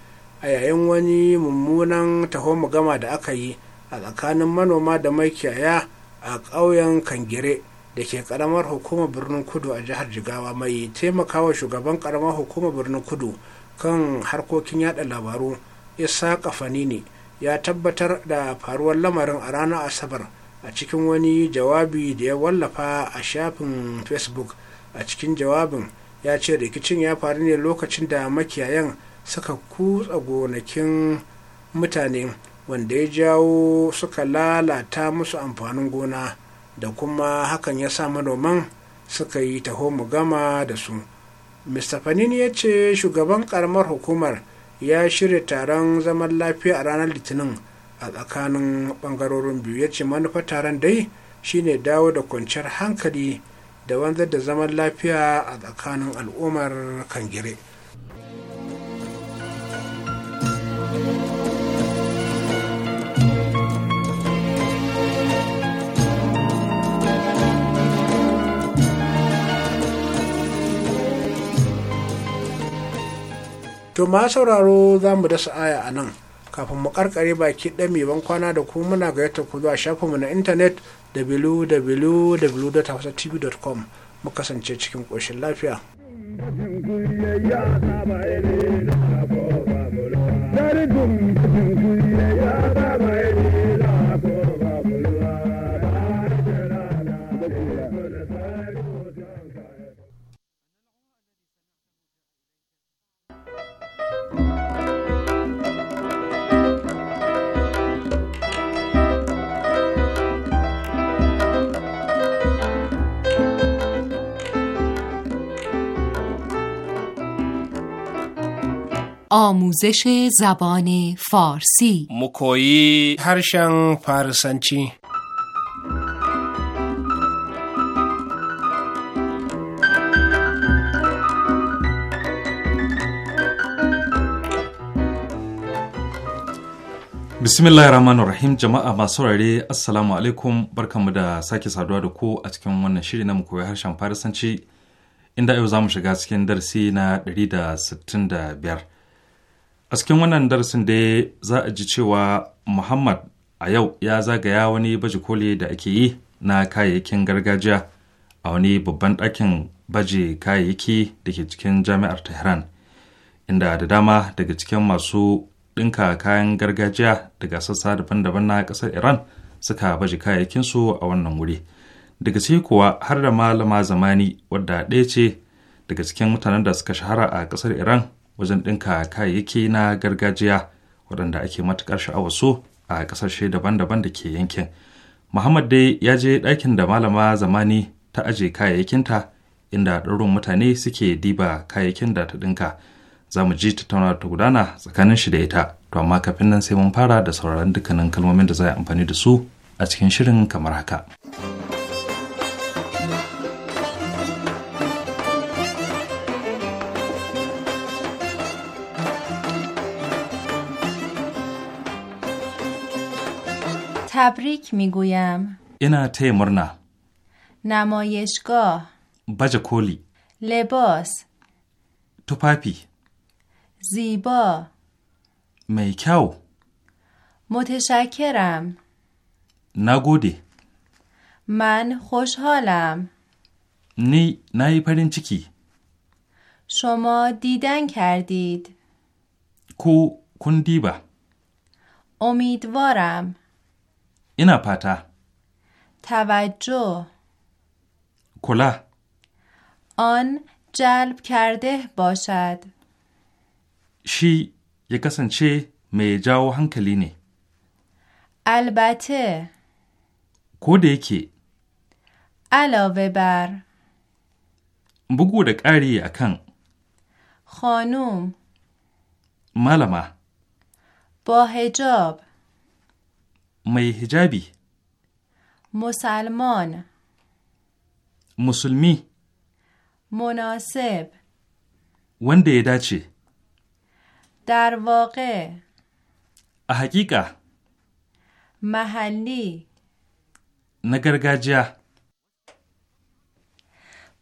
a yayin wani mummunan taho gama da aka yi a tsakanin manoma da makiyaya a ƙauyen kangire da ke karamar hukumar birnin kudu a jihar jigawa mai taimakawa shugaban karamar hukumar birnin kudu kan harkokin yada labaru isa ne. ya tabbatar da faruwar lamarin a ranar asabar a cikin wani jawabi da ya wallafa a shafin facebook a cikin jawabin ya ce rikicin ya faru ne lokacin da makiyayan suka kutsa gonakin mutane wanda ya jawo suka lalata musu amfanin gona da kuma hakan ya sa manoman suka yi taho mu gama da su mr fanini ya ce shugaban karamar hukumar ya shirya taron zaman lafiya a ranar litinin a tsakanin bangarorin biyu ya ce manufar taron dai shine dawo da kwanciyar hankali da wanzar da zaman lafiya a tsakanin al'ummar kangire to ma sauraro za mu dasa aya a nan kafin mu karkare baki mai ban kwana da kuma muna gayyata ku zuwa shafinmu na intanet www.hausatv.com mu kasance cikin ƙoshin lafiya. Dari dum dum kuyi ya ba mai آموزش زبان فارسی مکویی هرشن فارسنچی Bismillahir Rahmanir Rahim jama'a masu rare Assalamu alaikum barkanmu da sake saduwa da ku a cikin wannan shiri na koyi harshen Farisanci inda yau za mu shiga cikin darasi na 165 A cikin wannan darasin dai za a ji cewa Muhammad a yau ya zagaya wani baje koli da ake yi na kayayyakin gargajiya a wani babban ɗakin baje kayayyaki da ke cikin jami'ar Tehran, inda da dama daga cikin masu ɗinka kayan gargajiya daga sassa daban-daban na ƙasar Iran suka baje kayayyakinsu a wannan wuri. Daga ciki kuwa har da malama zamani wadda ɗaya ce daga cikin mutanen da suka shahara a ƙasar Iran wajen ɗinka kayayyaki na gargajiya waɗanda ake matuƙar sha'awar su a ƙasashe daban-daban da ke yankin muhammad dai ya je ɗakin da malama zamani ta aje kayayyakinta inda ɗaurin mutane suke diba kayayyakin da ta ɗinka za mu ji tattauna ta gudana tsakanin shi da ita to amma kafin nan sai mun fara da sauraron dukkanin kalmomin da za a amfani da su a cikin shirin kamar haka. تبریک میگویم اینا تی مرنا نمایشگاه بج کولی لباس توپاپی زیبا میکاو متشکرم نگودی من خوشحالم نی نی پرین چکی شما دیدن کردید کو کندیبا امیدوارم اینا پتا توجه کلا. آن جلب کرده باشد شی یک چه می جاو هنکلی نه البته کوده که علاوه بر بگو da ƙari اکن خانوم مالما با هجاب mai hijabi musulman musulmi munasib wanda ya dace darwaƙe a hakika mahalli na gargajiya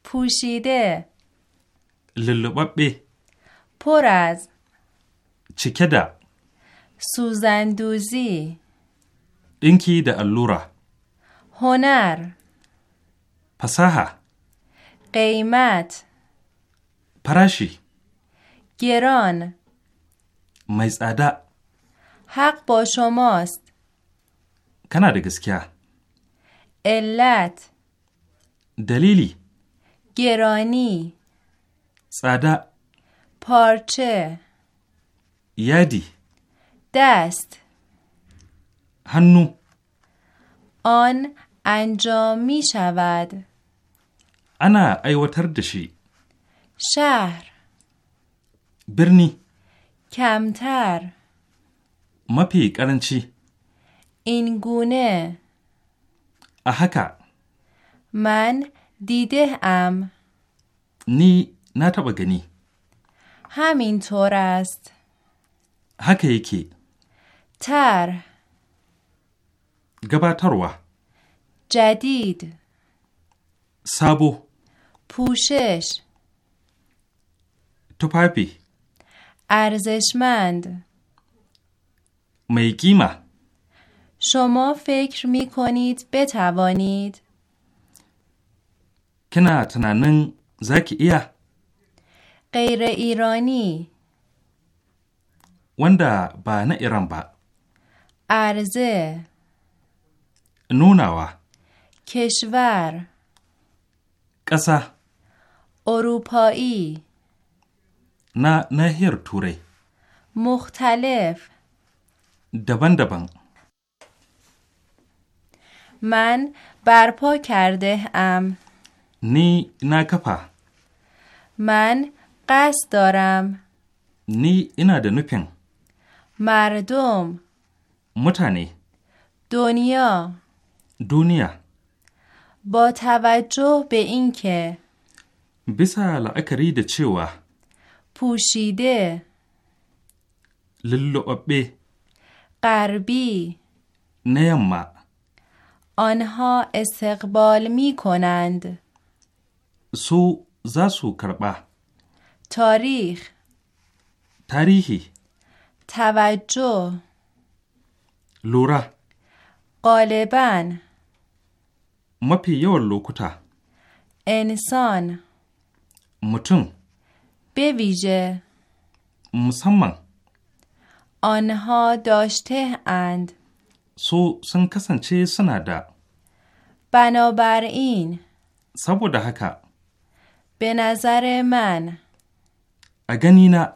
fushide lullubabbe poraz cike da duzi. اینکی د اللوره هنر پساها قیمت پراشی گران مزعدا حق با شماست کنا ده گسکیا علت دلیلی گرانی صدا پارچه یادی، دست هنو آن انجام می شود انا ایوتر دشی شهر برنی کمتر مپی کرنچی این گونه احکا من دیده ام نی نتبا گنی همینطور است حکه یکی تر gabatarwa jadid sabo pushesh tufafi arzishmand mai kima shoma fikir mikonit betawanid kina tunanin zaki iya ƙaira irani wanda ba na iran ba Arze. nunawa keshwar ƙasa orupa'i na nahiyar turai Muktalef. daban-daban man barpo karde am ni na kafa man daram. ni ina da nufin mardum mutane duniya دنیا با توجه به اینکه اکرید لعکری و پوشیده للعبه غربی نیما آنها استقبال می کنند سو زاسو کربه تاریخ تاریخی توجه لورا غالبا mafi yawan lokuta. Enison. Mutum. Bevije. Musamman. Onha doshte and. Su sun kasance suna da. Banobarin. Saboda haka. Benazare man. A na.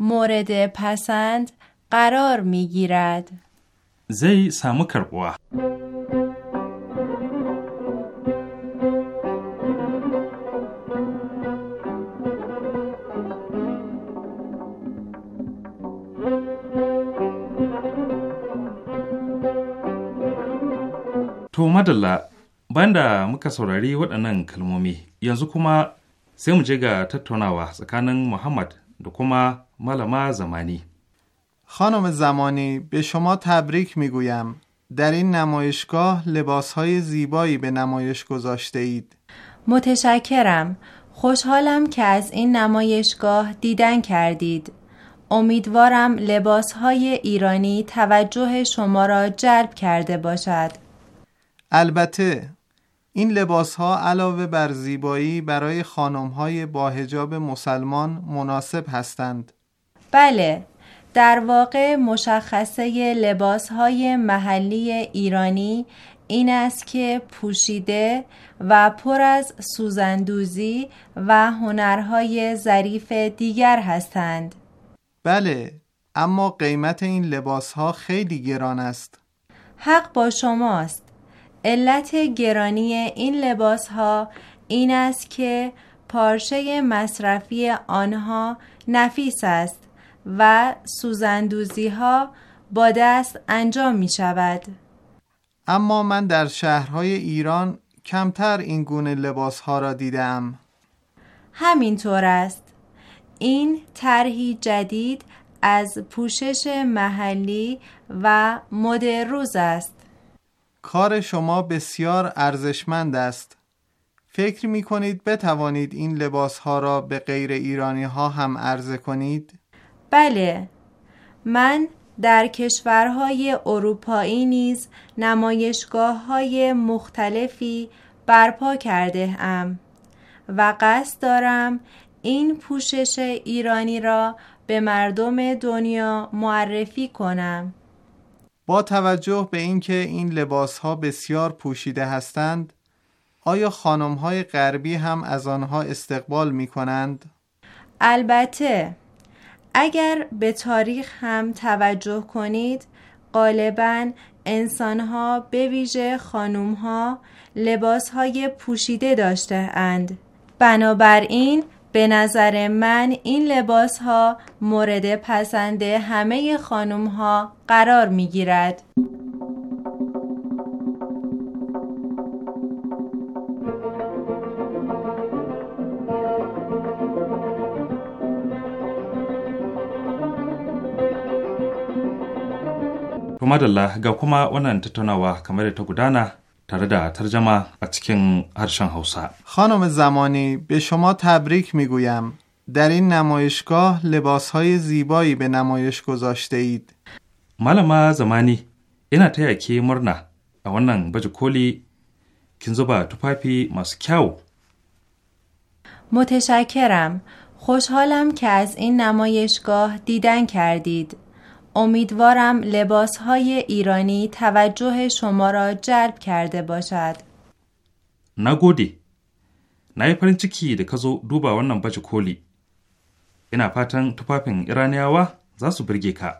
مورد پسند قرار می گیرد. Zai samu کربوه. To madalla banda muka saurari waɗannan kalmomi yanzu kuma sai mu je ga tattaunawa tsakanin Muhammad da kuma malama zamani. خانم زمانی به شما تبریک میگویم در این نمایشگاه لباس های زیبایی به نمایش گذاشته اید متشکرم خوشحالم که از این نمایشگاه دیدن کردید امیدوارم لباس های ایرانی توجه شما را جلب کرده باشد البته این لباس ها علاوه بر زیبایی برای خانم های با هجاب مسلمان مناسب هستند. بله، در واقع مشخصه لباس های محلی ایرانی این است که پوشیده و پر از سوزندوزی و هنرهای ظریف دیگر هستند. بله، اما قیمت این لباس ها خیلی گران است. حق با شماست. علت گرانی این لباس ها این است که پارچه مصرفی آنها نفیس است و سوزندوزی ها با دست انجام می شود. اما من در شهرهای ایران کمتر این گونه لباس ها را دیدم. همینطور است. این طرحی جدید از پوشش محلی و مد روز است. کار شما بسیار ارزشمند است فکر می کنید بتوانید این لباس ها را به غیر ایرانی ها هم عرضه کنید؟ بله من در کشورهای اروپایی نیز نمایشگاه های مختلفی برپا کرده ام و قصد دارم این پوشش ایرانی را به مردم دنیا معرفی کنم. با توجه به اینکه این لباس ها بسیار پوشیده هستند آیا خانم های غربی هم از آنها استقبال می کنند؟ البته اگر به تاریخ هم توجه کنید غالبا انسان ها به ویژه خانم ها لباس های پوشیده داشته اند بنابراین به نظر من این لباس ها مورد پسند همه خانم ها قرار می گیرد. Kuma da kuma wannan tattaunawa kamar تا هرشان خانم زمانی به شما تبریک میگویم. در این نمایشگاه لباسهای زیبایی به نمایش گذاشته اید. malama zamani ina taya ke murna a wannan کولی koli kin توپاپی ماس متشکرم خوشحالم که از این نمایشگاه دیدن کردید امیدوارم لباس های ایرانی توجه شما را جلب کرده باشد. نگودی. نای پرین چکی ده کزو دوبا ونم بچه کولی. اینا پاتن توپاپین آوا زاسو برگی که.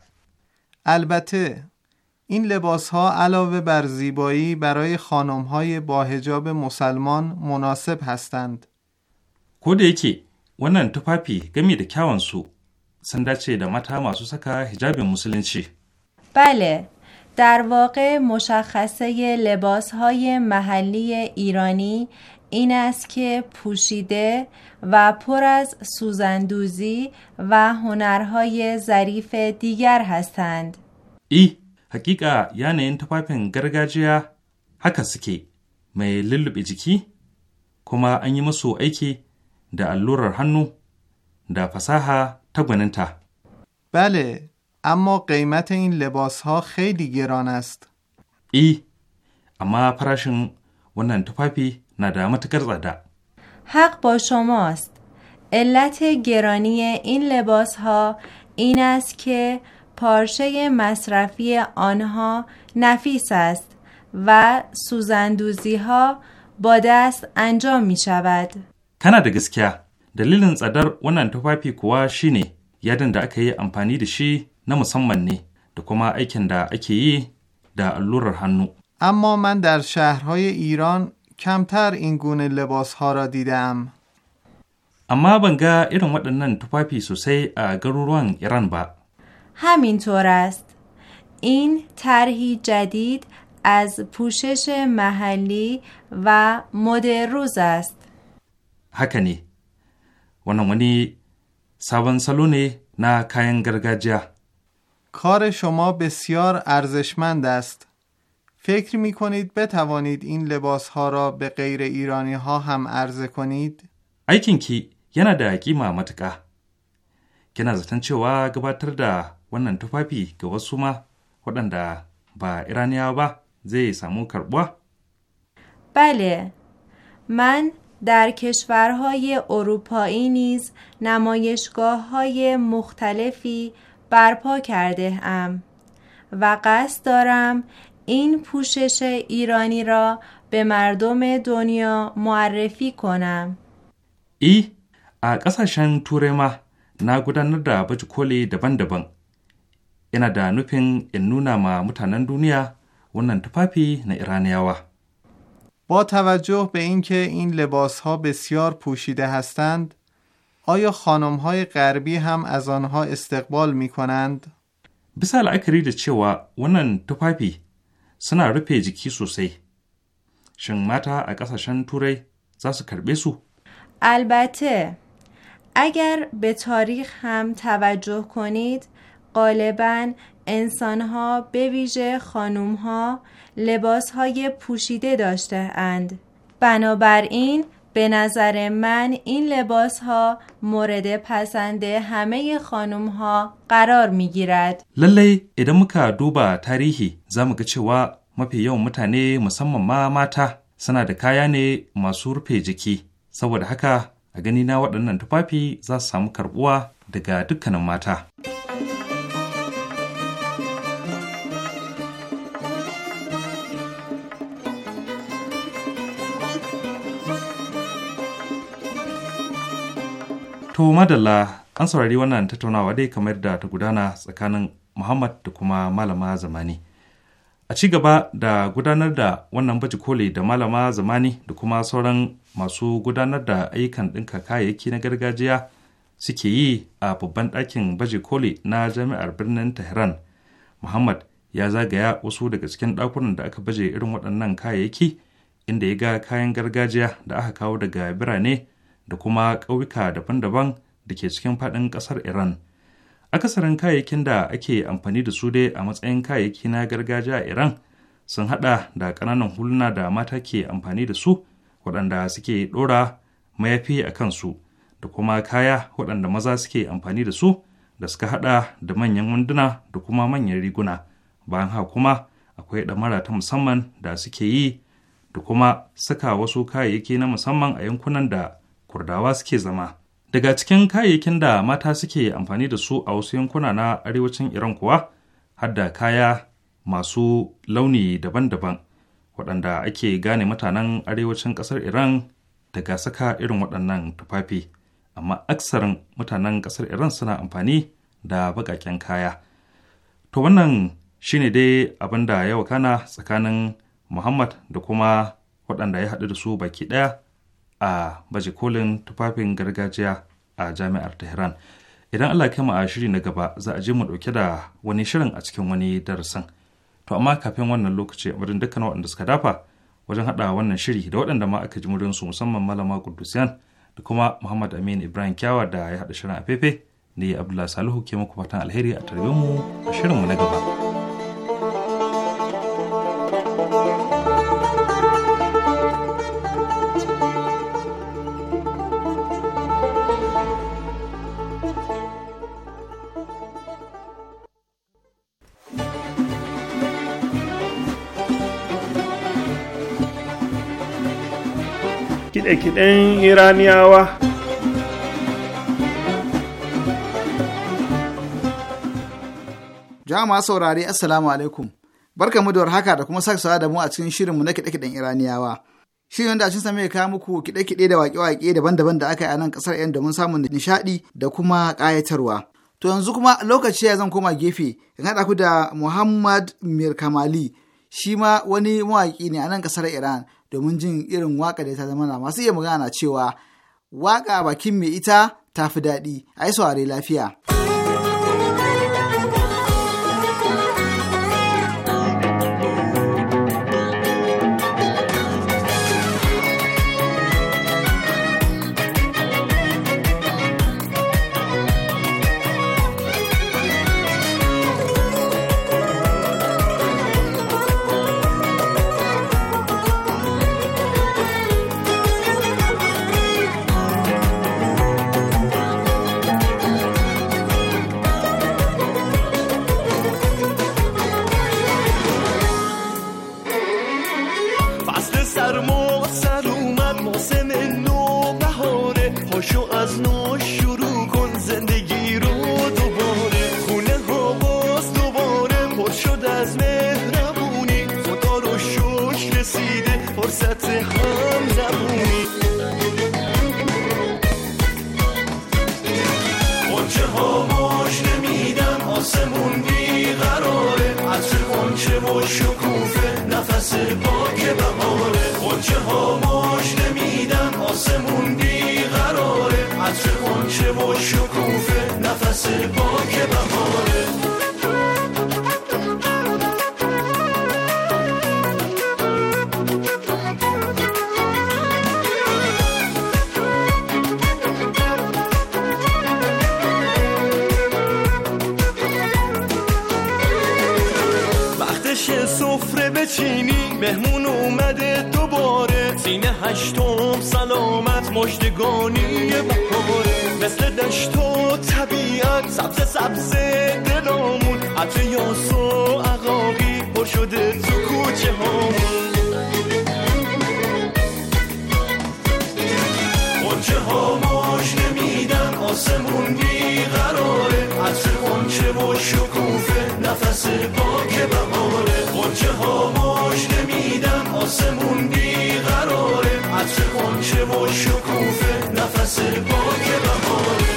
البته این لباس ها علاوه بر زیبایی برای خانم های با هجاب مسلمان مناسب هستند. کودکی ونن توپاپی گمی ده کیاون سو sun dace da mata masu saka hijabin musulunci. Bale, در واقع مشخصه لباس های محلی ایرانی این است که پوشیده و پر از سوزندوزی و هنرهای ظریف دیگر هستند. ای حقیقا یعنی این تفایفین گرگاجیا haka suke mai lullube jiki kuma an yi masu aiki da allurar hannu da fasaha تا بله اما قیمت این لباس ها خیلی گران است ای اما پراشن ونن تفافی حق با شماست علت گرانی این لباس ها این است که پارچه مصرفی آنها نفیس است و سوزندوزی ها با دست انجام می شود. کنه da dalilin tsadar wannan tufafi kuwa shine yadin da aka yi amfani da shi اما من در شهرهای ایران کمتر این گونه لباس ها را دیدم اما بنگا ایران ودنن سوسی گروروان ایران با همینطور است این طرحی جدید از پوشش محلی و مد روز است هکنی wannan wani sabon salo ne na kayan gargajiya کار شما بسیار ارزشمند است فکر می کنید بتوانید این لباس ها را به غیر ایرانی ها هم عرضه کنید؟ ایکین کی یه دا قیمه متکا کنا زتن cewa gabatar da wannan tufafi ga wasu ma waɗanda ba iraniya ba zai samu karɓuwa? bale man در کشورهای اروپایی نیز نمایشگاه های مختلفی برپا کرده و قصد دارم این پوشش ایرانی را به مردم دنیا معرفی کنم ای قصاشن تور ما نگودن در بچ کلی دبن دبن اینا د نوپین این نونا ما متانن دنیا ونن تپاپی نه ایرانیاوه با توجه به اینکه این لباس ها بسیار پوشیده هستند آیا خانم های غربی هم از آنها استقبال می کنند؟ به la'akari da cewa wannan tufafi suna rufe jiki sosai shin mata a ƙasashen سو؟ البته اگر به تاریخ هم توجه کنید غالبا انسان ها به ویژه خانوم ها لباس های پوشیده داشته اند. بنابراین به نظر من این لباس ها مورد پسند همه خانوم ها قرار می گیرد. للی ادامه که دوبا تاریخی زمگه چه و مپی یا متنه مسمم ما ماتا سنه ده کایانه مسور پیجکی. سواده حکا اگنی ناوات دنن توپاپی زا سامکر و دگا دکنم ماتا. To madalla an saurari wannan tattaunawa dai kamar da ta gudana tsakanin Muhammad da kuma malama zamani. A ci gaba da gudanar da wannan baji koli da malama zamani da kuma sauran masu gudanar da ayyukan ɗinka kayayyaki na gargajiya suke yi a babban ɗakin baji koli na jami'ar birnin Tehran. Muhammad ya zagaya wasu daga cikin ɗakunan da aka baje irin waɗannan kayayyaki inda ya ga kayan gargajiya da aka kawo daga birane da kuma ƙauyuka daban-daban da ke cikin faɗin ƙasar Iran. Akasarin kayayyakin da ake amfani da su dai a matsayin kayayyaki na gargajiya a Iran sun haɗa da ƙananan huluna da mata ke amfani da su waɗanda suke ɗora mayafi a kansu da kuma kaya waɗanda maza suke amfani da su da suka haɗa da manyan wanduna da kuma manyan riguna. Bayan ha kuma akwai ɗamara ta musamman da suke yi da kuma saka wasu kayayyaki na musamman a yankunan da kurdawa suke zama daga cikin kayayyakin da mata suke amfani da su a wasu yankuna na arewacin iran kuwa har da kaya masu launi daban-daban waɗanda ake gane mutanen arewacin ƙasar iran daga saka irin waɗannan tufafi amma aksarin mutanen ƙasar iran suna amfani da baƙaƙen kaya to wannan shine dai abin da ya wakana tsakanin muhammad da kuma waɗanda ya haɗu da su baki ɗaya a baje kolin tufafin gargajiya a jami'ar tehran idan allah kama a shiri na gaba za a je mu dauke da wani shirin a cikin wani darasin to amma kafin wannan lokaci a barin dukkan waɗanda suka dafa wajen haɗa wannan shiri da waɗanda ma aka ji murinsu musamman malama kudusiyan da kuma muhammad amin ibrahim kyawa da ya haɗa shirin a fefe ne abdullahi salihu ke muku fatan alheri a tarbe mu a mu na gaba. kiɗe-kiɗen iraniyawa jama'a saurari assalamu alaikum barka mu da haka da kuma sake da mu a cikin shirinmu na kiɗe-kiɗen iraniyawa shirin da cin same kawo muku kiɗe-kiɗe da waƙe-waƙe daban-daban da aka yi a nan ƙasar yan domin samun nishaɗi da kuma ƙayatarwa to yanzu kuma lokaci ya zan koma gefe in haɗa ku da muhammad mirkamali shi ma wani mawaƙi ne a nan ƙasar iran domin jin irin waka da ta zama na masu iya magana cewa waka bakin mai ita ta fi daɗi ai saurari lafiya. شکوفه نفس باک بهاره خونچه ها ماش نمیدن آسمون قراره عطر خونچه و شکوفه نفس پاک مجدگانی بخاره مثل دشت و طبیعت سبز سبز دلامون عطر یاس و عقاقی پر شده تو کوچه ها قنچه ها ماش نمیدن آسمون بیقراره عطر قنچه و شکوفه نفس پاک بهاره قنچه ها ماش نمیدن آسمون بیقراره و شکوفه نفس با بهاره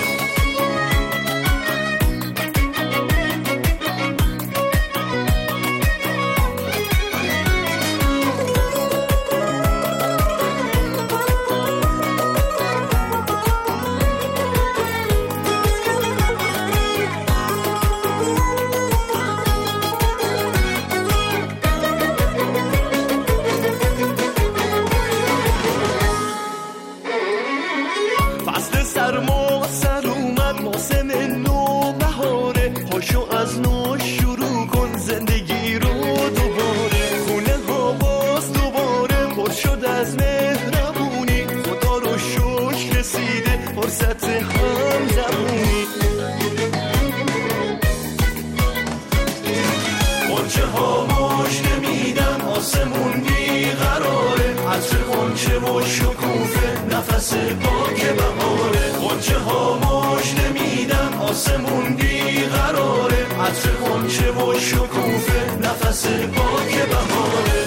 واسه باک بهاره قنچه ها ماش نمیدن آسمون بیقراره عطر قنچه و شکوفه نفس باک بهاره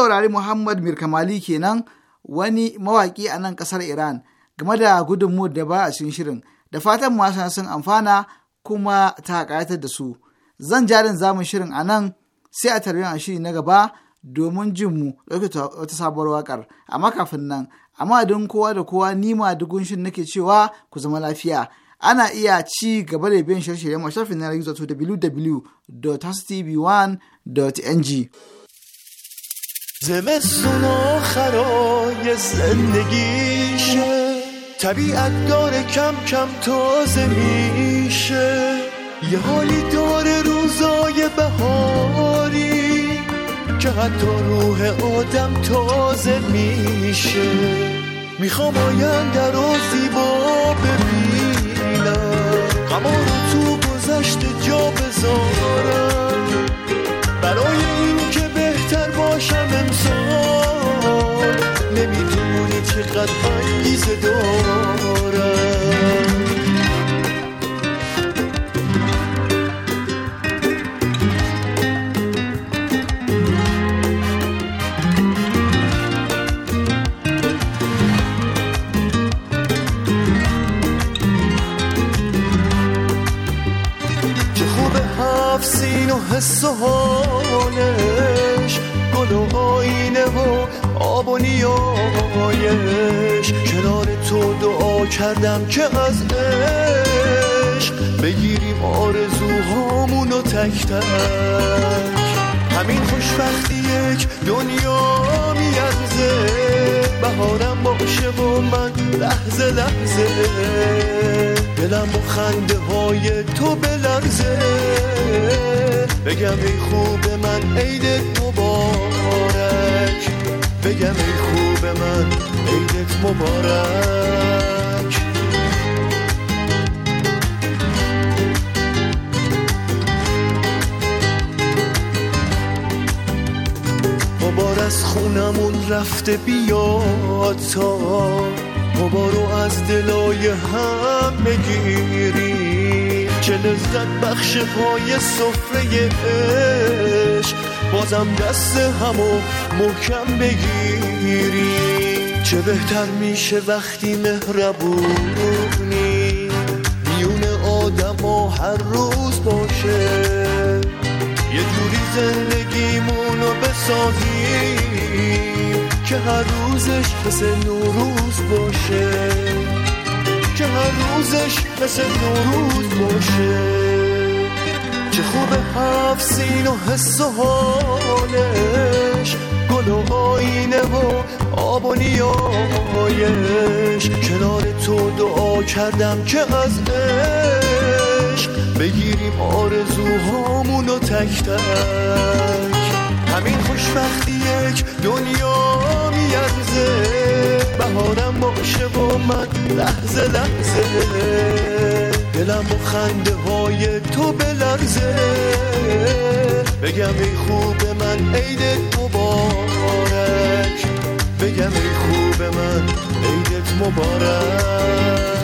saurari Muhammad Mirkamali kenan wani mawaƙi a nan ƙasar Iran game da gudunmuwar da ba a cikin shirin da fatan masu sun amfana kuma ta ƙayatar da su. Zan jarin zamun shirin a nan sai a tarbiyyar shiri na gaba domin jin mu ɗauke wata sabuwar waƙar. Amma kafin nan, amma don kowa da kowa nima dugun shirin nake cewa ku zama lafiya. ana iya ci gaba da biyan shirye-shiryen mashafin na gizo 1ng زمستون آخرای زندگیشه طبیعت داره کم کم تازه میشه یه حالی داره روزای بهاری که حتی روح آدم تازه میشه میخوام آینده رو زیبا ببینم غما رو تو گذشت جا بذارم برای باشم امسال نمیدونی چقدر انگیزه دارم چه و حس و حاله و آینه و آب و نیایش کنار تو دعا کردم که از عشق بگیریم آرزوهامون و تک تک همین خوشبختی یک دنیا میارزه بهارم باشه و من لحظه لحظه دلم و خنده های تو بلرزه بگم ای خوب من عید مبارک بگم ای خوب من عیدت مبارک بار از خونمون رفته بیاد تا بابارو از دلای هم بگیری چه لذت بخش پای سفره عشق بازم دست همو محکم بگیری چه بهتر میشه وقتی مهربونی میون آدم ها هر روز باشه یه جوری زندگیمونو که هر روزش مثل نوروز باشه که هر روزش مثل نوروز باشه چه خوب هفت سین و حس و حالش گل و آینه و آب و نیایش کنار تو دعا کردم که از عشق بگیریم آرزوهامون و تک تک خوش وقتی یک دنیا میرزه بهارم باشه با من لحظه لحظه دلم و خنده های تو بلرزه بگم ای خوب من عیدت مبارک بگم ای خوب من عیدت مبارک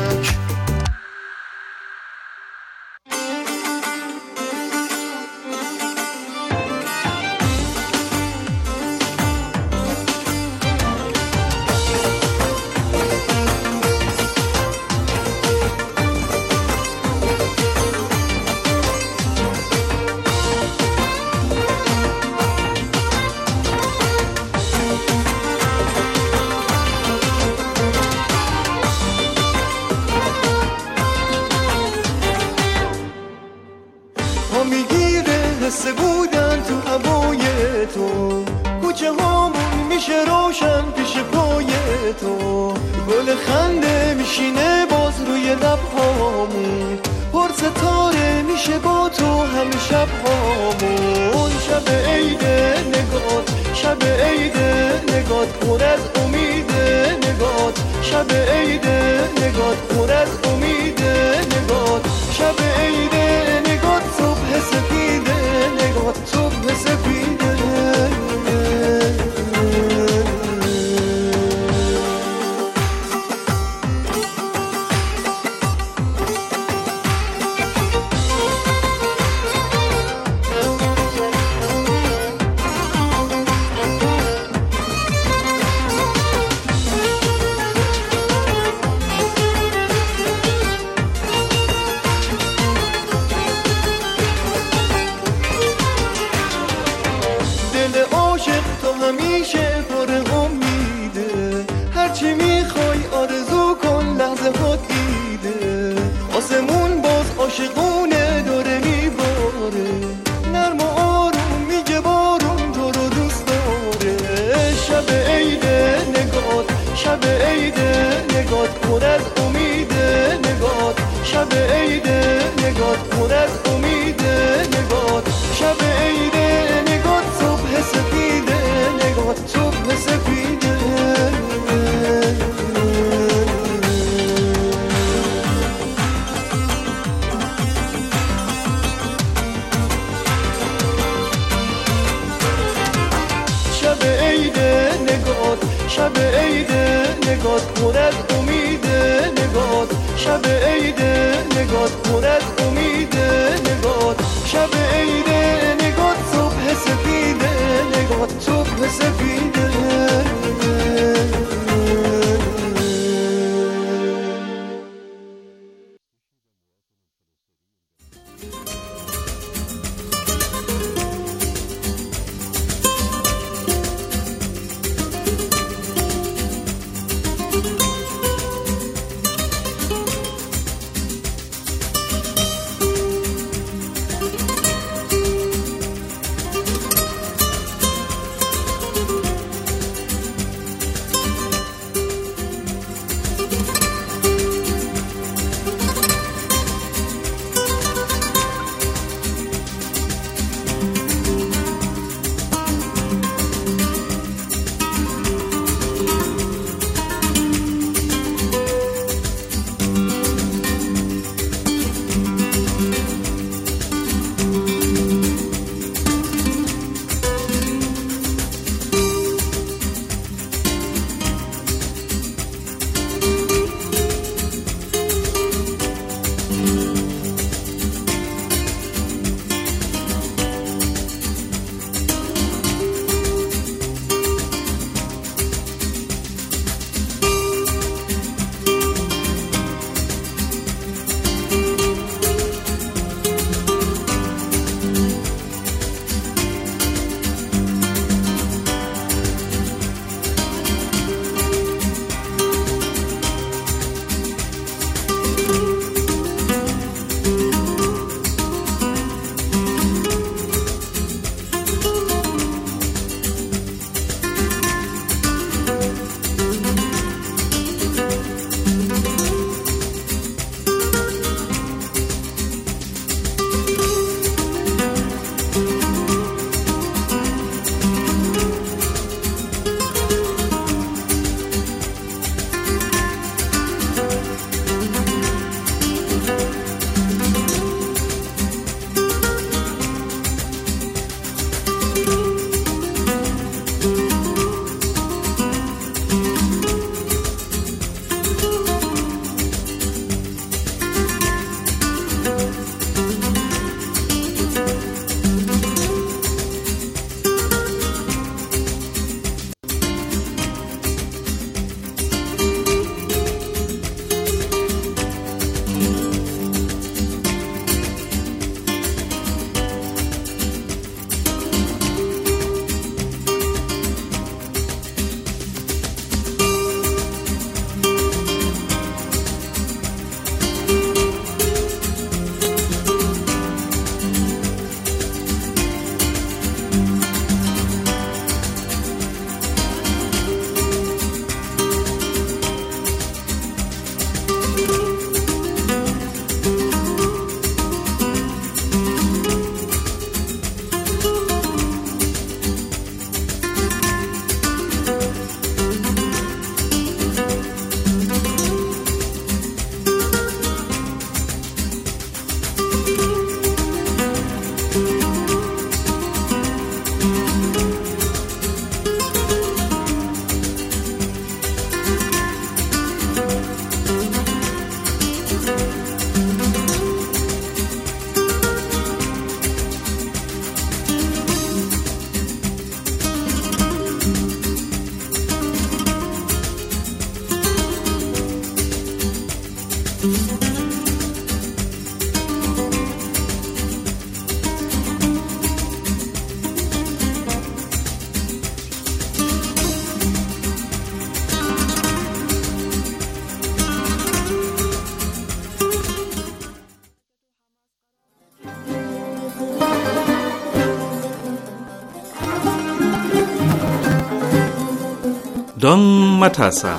don matasa.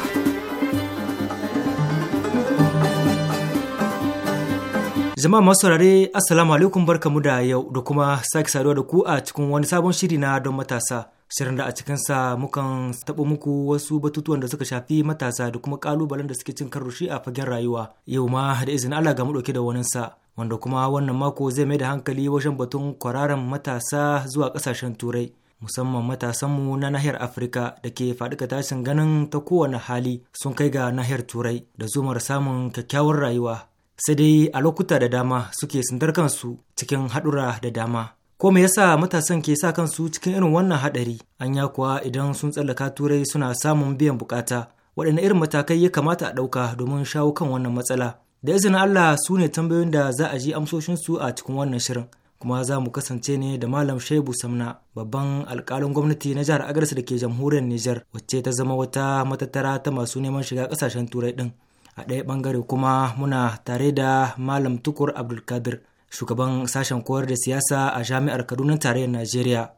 Jama'a masu saurare Assalamu alaikum barkamu da yau da kuma sake saduwa da ku a cikin wani sabon shiri na don matasa. Shirin da a cikinsa mukan taɓa muku wasu batutuwan da suka shafi matasa da kuma ƙalubalen da suke cin karo a fagen rayuwa. Yau ma da izinin Allah ga mu ɗauke da waninsa. Wanda kuma wannan mako zai mai da hankali wajen batun kwararan matasa zuwa ƙasashen Turai. musamman matasanmu na nahiyar afirka da ke faɗi tashin ganin ta kowane hali sun kai ga nahiyar turai da zumar samun kyakkyawar rayuwa sai dai a lokuta da dama suke sindar kansu cikin haɗura da dama ko me yasa matasan ke sa kansu cikin irin wannan haɗari an ya kuwa idan sun tsallaka turai suna samun biyan bukata waɗanne irin matakai ya kamata a ɗauka domin shawo kan wannan matsala da izinin allah su ne tambayoyin da za a ji amsoshinsu a cikin wannan shirin kuma za mu kasance ne da Malam Shaibu Samna babban alkalin gwamnati na jihar Agarsu da ke jamhuriyar Nijar wacce ta zama wata matattara ta masu neman shiga kasashen turai ɗin A ɗaya ɓangare kuma muna tare da Malam Tukur Abdulkadir shugaban sashen koyar da siyasa a jami'ar Kaduna tarayyar Najeriya.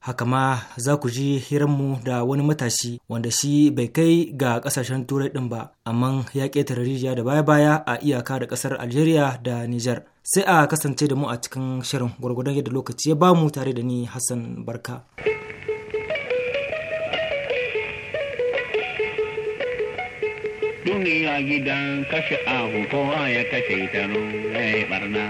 Haka ma za ku ji hiranmu da wani matashi wanda shi bai kai ga kasashen turai ɗin ba, amma ya ketare rijiya da baya-baya a iyaka da ƙasar Algeria da Nijar. sai a kasance da mu a cikin shirin gwargwadon yadda lokaci ya bamu tare da ni Hassan Barka. Duniya gidan kashe abu kowa ya kashe ta ya barna.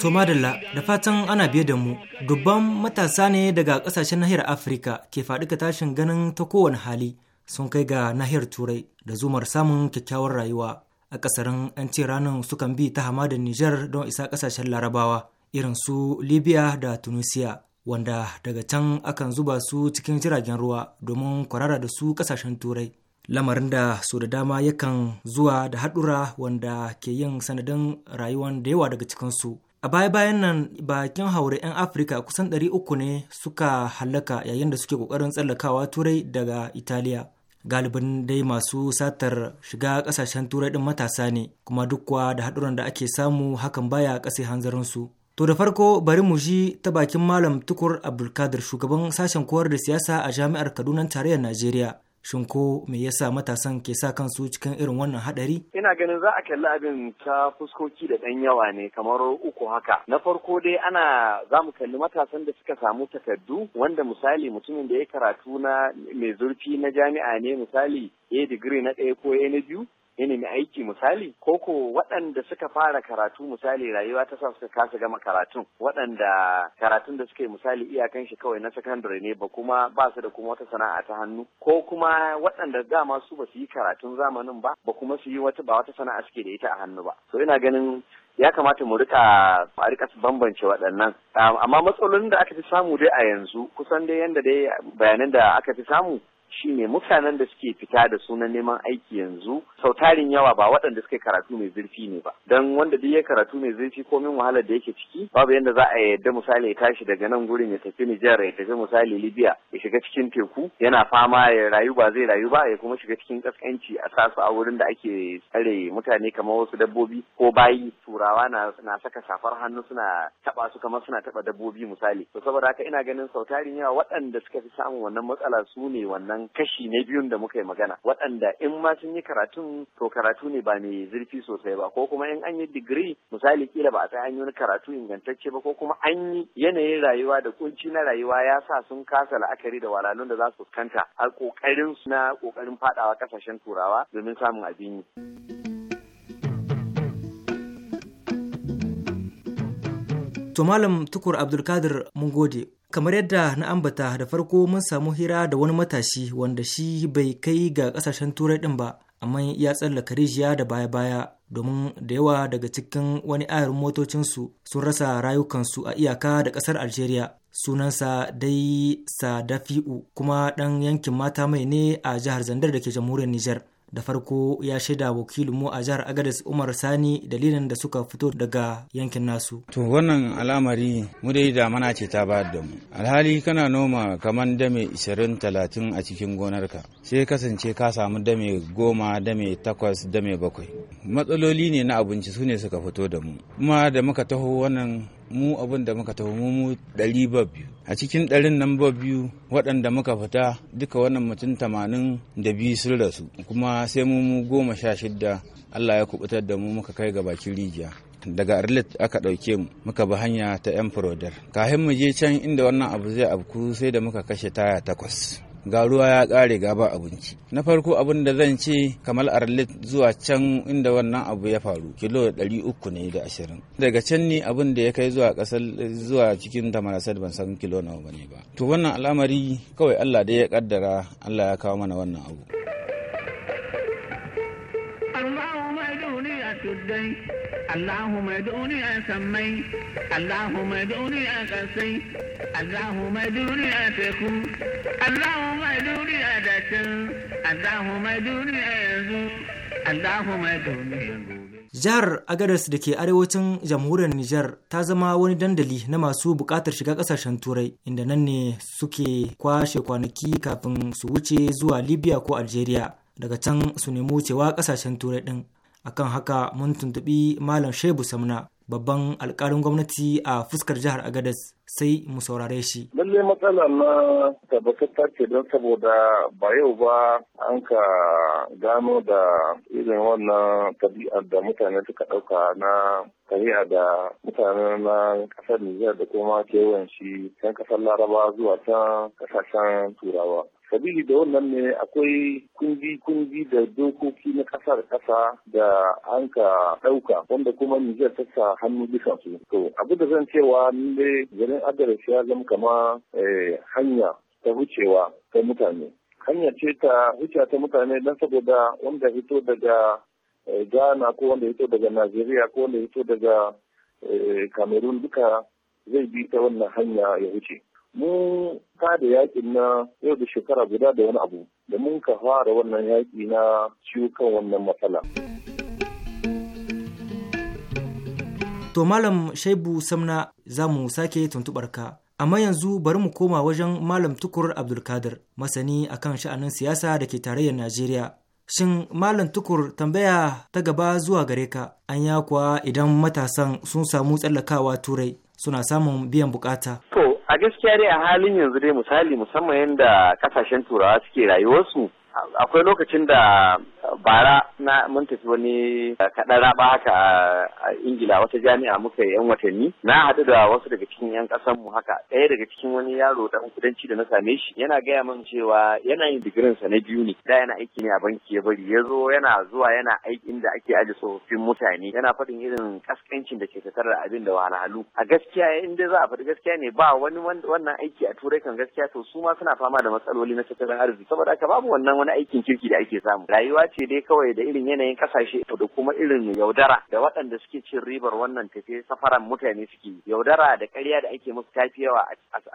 To madalla da fatan ana biye da mu, dubban matasa ne daga kasashen nahiyar Afirka ke faɗi ka tashin ganin ta kowane hali. sun kai ga nahiyar turai da zumar samun kyakkyawar rayuwa a akasarin 'yanci ranar sukan bi ta hamadar nijar don isa ƙasashen larabawa irin su libya da tunisia wanda daga can akan zuba su cikin jiragen ruwa domin kwarara da su ƙasashen turai lamarin da su da dama yakan zuwa da haɗura wanda ke yin sanadin rayuwan da yawa daga cikinsu a baya-bayan nan bakin haure 'yan afirka kusan 300 ne suka hallaka yayin da suke ƙoƙarin tsallakawa turai daga italiya galibin dai masu satar shiga kasashen turai din matasa ne kuma duk kuwa da haɗuran da ake samu hakan baya hanzarin su to da farko bari mu ji ta bakin malam tukur abdulkadir shugaban sashen koyar da siyasa a jami'ar kaduna tarayyar najeriya Shin ko me yasa matasan ke sa kansu cikin irin wannan hadari? Ina ganin za a kalli abin ta fuskoki da ɗan yawa ne kamar uku haka. Na farko dai ana za mu kalli matasan da suka samu takardu wanda misali mutumin da ya karatu na mai zurfi na jami'a ne misali A digiri na ɗaya ko A na biyu ya nemi aiki misali ko ko waɗanda suka fara karatu misali rayuwa ta sa suka kasa gama karatun waɗanda karatun da suke misali iyakan shi kawai na sakandare ne ba kuma ba su da kuma wata sana'a ta hannu ko kuma waɗanda dama su ba su yi karatun zamanin ba ba kuma su yi wata ba wata sana'a suke da ita a hannu ba so ina ganin ya kamata mu rika a rika bambance waɗannan amma matsalolin da aka fi samu dai a yanzu kusan dai yanda dai bayanan da aka fi samu shine mutanen da suke fita da sunan neman aiki yanzu sau tarin yawa ba waɗanda suka karatu mai zurfi ne ba Don wanda duk ya karatu mai zurfi ko komin wahalar da yake ciki babu yadda za a yadda misali ya tashi daga nan gurin ya tafi Nijar ya tafi misali Libya ya shiga cikin teku yana fama ya rayu ba zai rayu ba ya kuma shiga cikin kaskanci a tasu a wurin da ake tsare mutane kamar wasu dabbobi ko bayi turawa na, na saka safar hannu suna taba su kamar suna taba dabbobi misali to saboda haka ina ganin sau tarin yawa waɗanda suka fi samun wannan matsala su ne wannan wannan kashi na biyun da muka yi magana waɗanda in ma sun yi karatun to karatu ne ba mai zurfi sosai ba ko kuma in an yi digiri misali kila ba a sai an yi wani karatu ingantacce ba ko kuma an yi yanayin rayuwa da kunci na rayuwa ya sa sun kasa la'akari da walalun da za su fuskanta a kokarin su na kokarin fadawa kasashen turawa domin samun abin yi. To Malam Tukur Abdulkadir mun gode kamar yadda na ambata da farko mun samu hira da wani matashi wanda shi bai kai ga kasashen turai din ba amma ya tsallaka rijiya da baya-baya domin da yawa daga cikin wani ayarin motocinsu sun rasa rayukansu a iyaka da kasar algeria sunansa dai sadafi'u kuma ɗan yankin mata mai ne a jihar zandar da ke jamhuriyar niger da farko ya shaida wakilin mu a jihar agadez umar sani dalilin da suka fito daga yankin nasu to wannan al'amari mu dai da mana ce ta bayar da mu alhali kana noma kaman dame 20 30 a cikin gonarka sai kasance ka samu dame goma dame takwas dame bakwai matsaloli ne na abinci su ne suka fito da mu kuma da muka taho wannan mu abin da muka tafi mu ɗari ba biyu a cikin ɗarin nan ba biyu waɗanda muka fita duka wannan mutum tamanin da biyu sun rasu kuma sai mu mu goma sha shidda allah ya kubutar da mu muka kai ga bakin rijiya daga arlit aka ɗauke mu muka bi hanya ta yan furodar kahin mu je can inda wannan abu zai abku sai da muka kashe taya takwas ga ruwa ya kare ga ba abinci na farko abin da zan ce kamal arlit zuwa can inda wannan abu ya faru kilo ɗari uku ne da ashirin daga can ne abin da ya kai zuwa ƙasar zuwa cikin tamarasar ban san kilo nawa ba ne ba to wannan al'amari kawai allah dai ya kaddara allah ya kawo mana wannan abu tuddai Allahumma duni a sammai Allahumma duni a kasai Allahumma duni a teku Allahumma duni a dacin Allahumma duni a yanzu Allahumma duni Jihar Agadez da ke arewacin jamhuriyar Nijar ta zama wani dandali na masu bukatar shiga kasashen Turai inda nan ne suke kwashe kwanaki kafin su wuce zuwa Libya ko Algeria daga can su nemo wucewa kasashen Turai din. akan haka mun tuntubi malam shebu samna babban alkalin gwamnati a fuskar jihar agadas sai mu saurare shi. Lallai matsala na tabbatar ce don saboda ba yau ba an ka gano da irin wannan tabi'ar da mutane suka ɗauka na tabi'a da mutane na ƙasar Nijar da kuma kewayen shi can ƙasar Laraba zuwa can ƙasashen Turawa. sabili da wannan ne akwai kungi-kungi da dokoki na ƙasar da da an ka ɗauka wanda kuma Nijar ta sa hannu bisa su. To abu da zan cewa ne garin Agares ya zama kama eh, hanya ta wucewa ta mutane. Hanya ce ta wuce ta mutane don saboda wanda hito daga eh, Ghana ko wanda hito daga Najeriya ko wanda hito daga eh, Cameroon duka zai bi ta wannan hanya ya wuce. mu ka da yakin na yau da shekara guda da wani abu da mun ka fara wannan yaki na ciwo kan wannan matsala. To Malam Shaibu Samna za mu sake tuntuɓar ka. Amma yanzu bari mu koma wajen Malam Tukur Abdulkadir, masani akan sha'anin siyasa da ke tarayyar Najeriya. Shin Malam Tukur tambaya ta gaba zuwa gare ka, an ya kuwa idan matasan sun samu tsallakawa turai suna samun biyan bukata. To a gaskiya dai a halin yanzu dai misali musamman yadda kasashen turawa suke rayuwarsu akwai lokacin da bara na mun tafi wani eh, kaɗan raba haka a ingila wata jami'a muka yi yan watanni na haɗu da wasu daga cikin yan ƙasar mu haka ɗaya daga cikin wani yaro dan kudanci da na same shi yana gaya min cewa yana yin digirin sa na biyu ne da yana aiki ne a banki ya bari ya zo yana zuwa yana aiki inda ake aje tsofaffin mutane yana faɗin irin kaskancin da ke tattare da abin da wahalhalu a gaskiya inda za a faɗi gaskiya ne ba wani wannan aiki a turai kan gaskiya to su ma suna fama da matsaloli na tattalin arziki saboda haka babu wannan wani aikin kirki da ake samu rayuwa ce ce dai kawai da irin yanayin kasashe da kuma irin yaudara da waɗanda suke cin ribar wannan tafiye safaran mutane suke yaudara da ƙarya da ake musu tafi yawa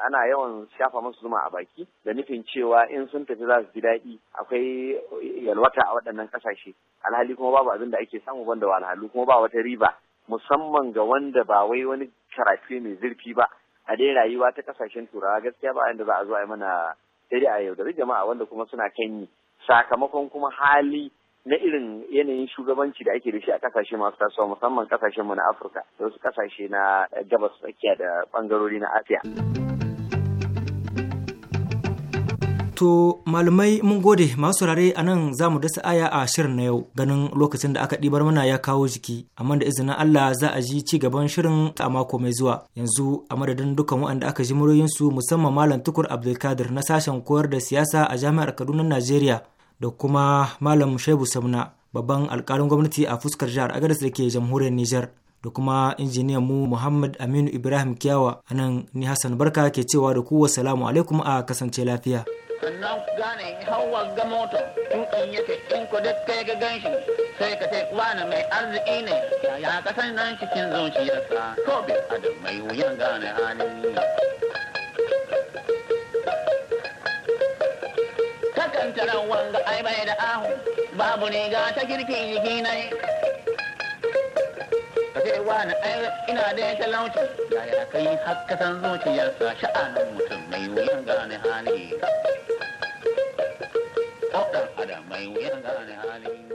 ana yawan shafa musu zuma a baki da nufin cewa in sun tafi za su ji daɗi akwai yalwata a waɗannan kasashe alhali kuma babu abin da ake samu banda walhalu kuma ba wata riba musamman ga wanda ba wai wani karatu mai zurfi ba a dai rayuwa ta kasashen turawa gaskiya ba yanda za a zo a yi mana sai a yaudari jama'a wanda kuma suna kan yi sakamakon kuma hali na irin yanayin shugabanci da ake da shi a kasashe masu tasowa musamman kasashenmu na afirka da wasu kasashe na gabas tsakiya da bangarori na asiya To malamai mun gode masu rare a nan za mu dasa aya a shirin na yau ganin lokacin da aka ɗibar mana ya kawo jiki amma da izinin Allah za a ji ci gaban shirin a mako mai zuwa yanzu a madadin dukkan waɗanda aka ji muryoyinsu musamman malam tukur Abdulkadir na sashen koyar da siyasa a jami'ar Kaduna Najeriya da kuma malam shaibu samna babban alkalin gwamnati a fuskar jihar agadas da ke jamhuriyar nijar da kuma injiniyan mu muhammad aminu ibrahim kiyawa a nan ni hassan barka ke cewa da kuwa salamu alaikum a kasance lafiya sannan gane hawa ga mota in kan yake in kai ga ganshi sai ka mai arziki ne ya kasan nan cikin zuciyarsa ko bi adam mai wuyan gane hali wannan wanga ai bai da ahu babu ga ta kirkin jiki na yi ka wani ai ina da ya talauci da ya kai hakkasan zuciyarsa sha'anin mutum mai wuyan gane hali adam mai wuyan gane hali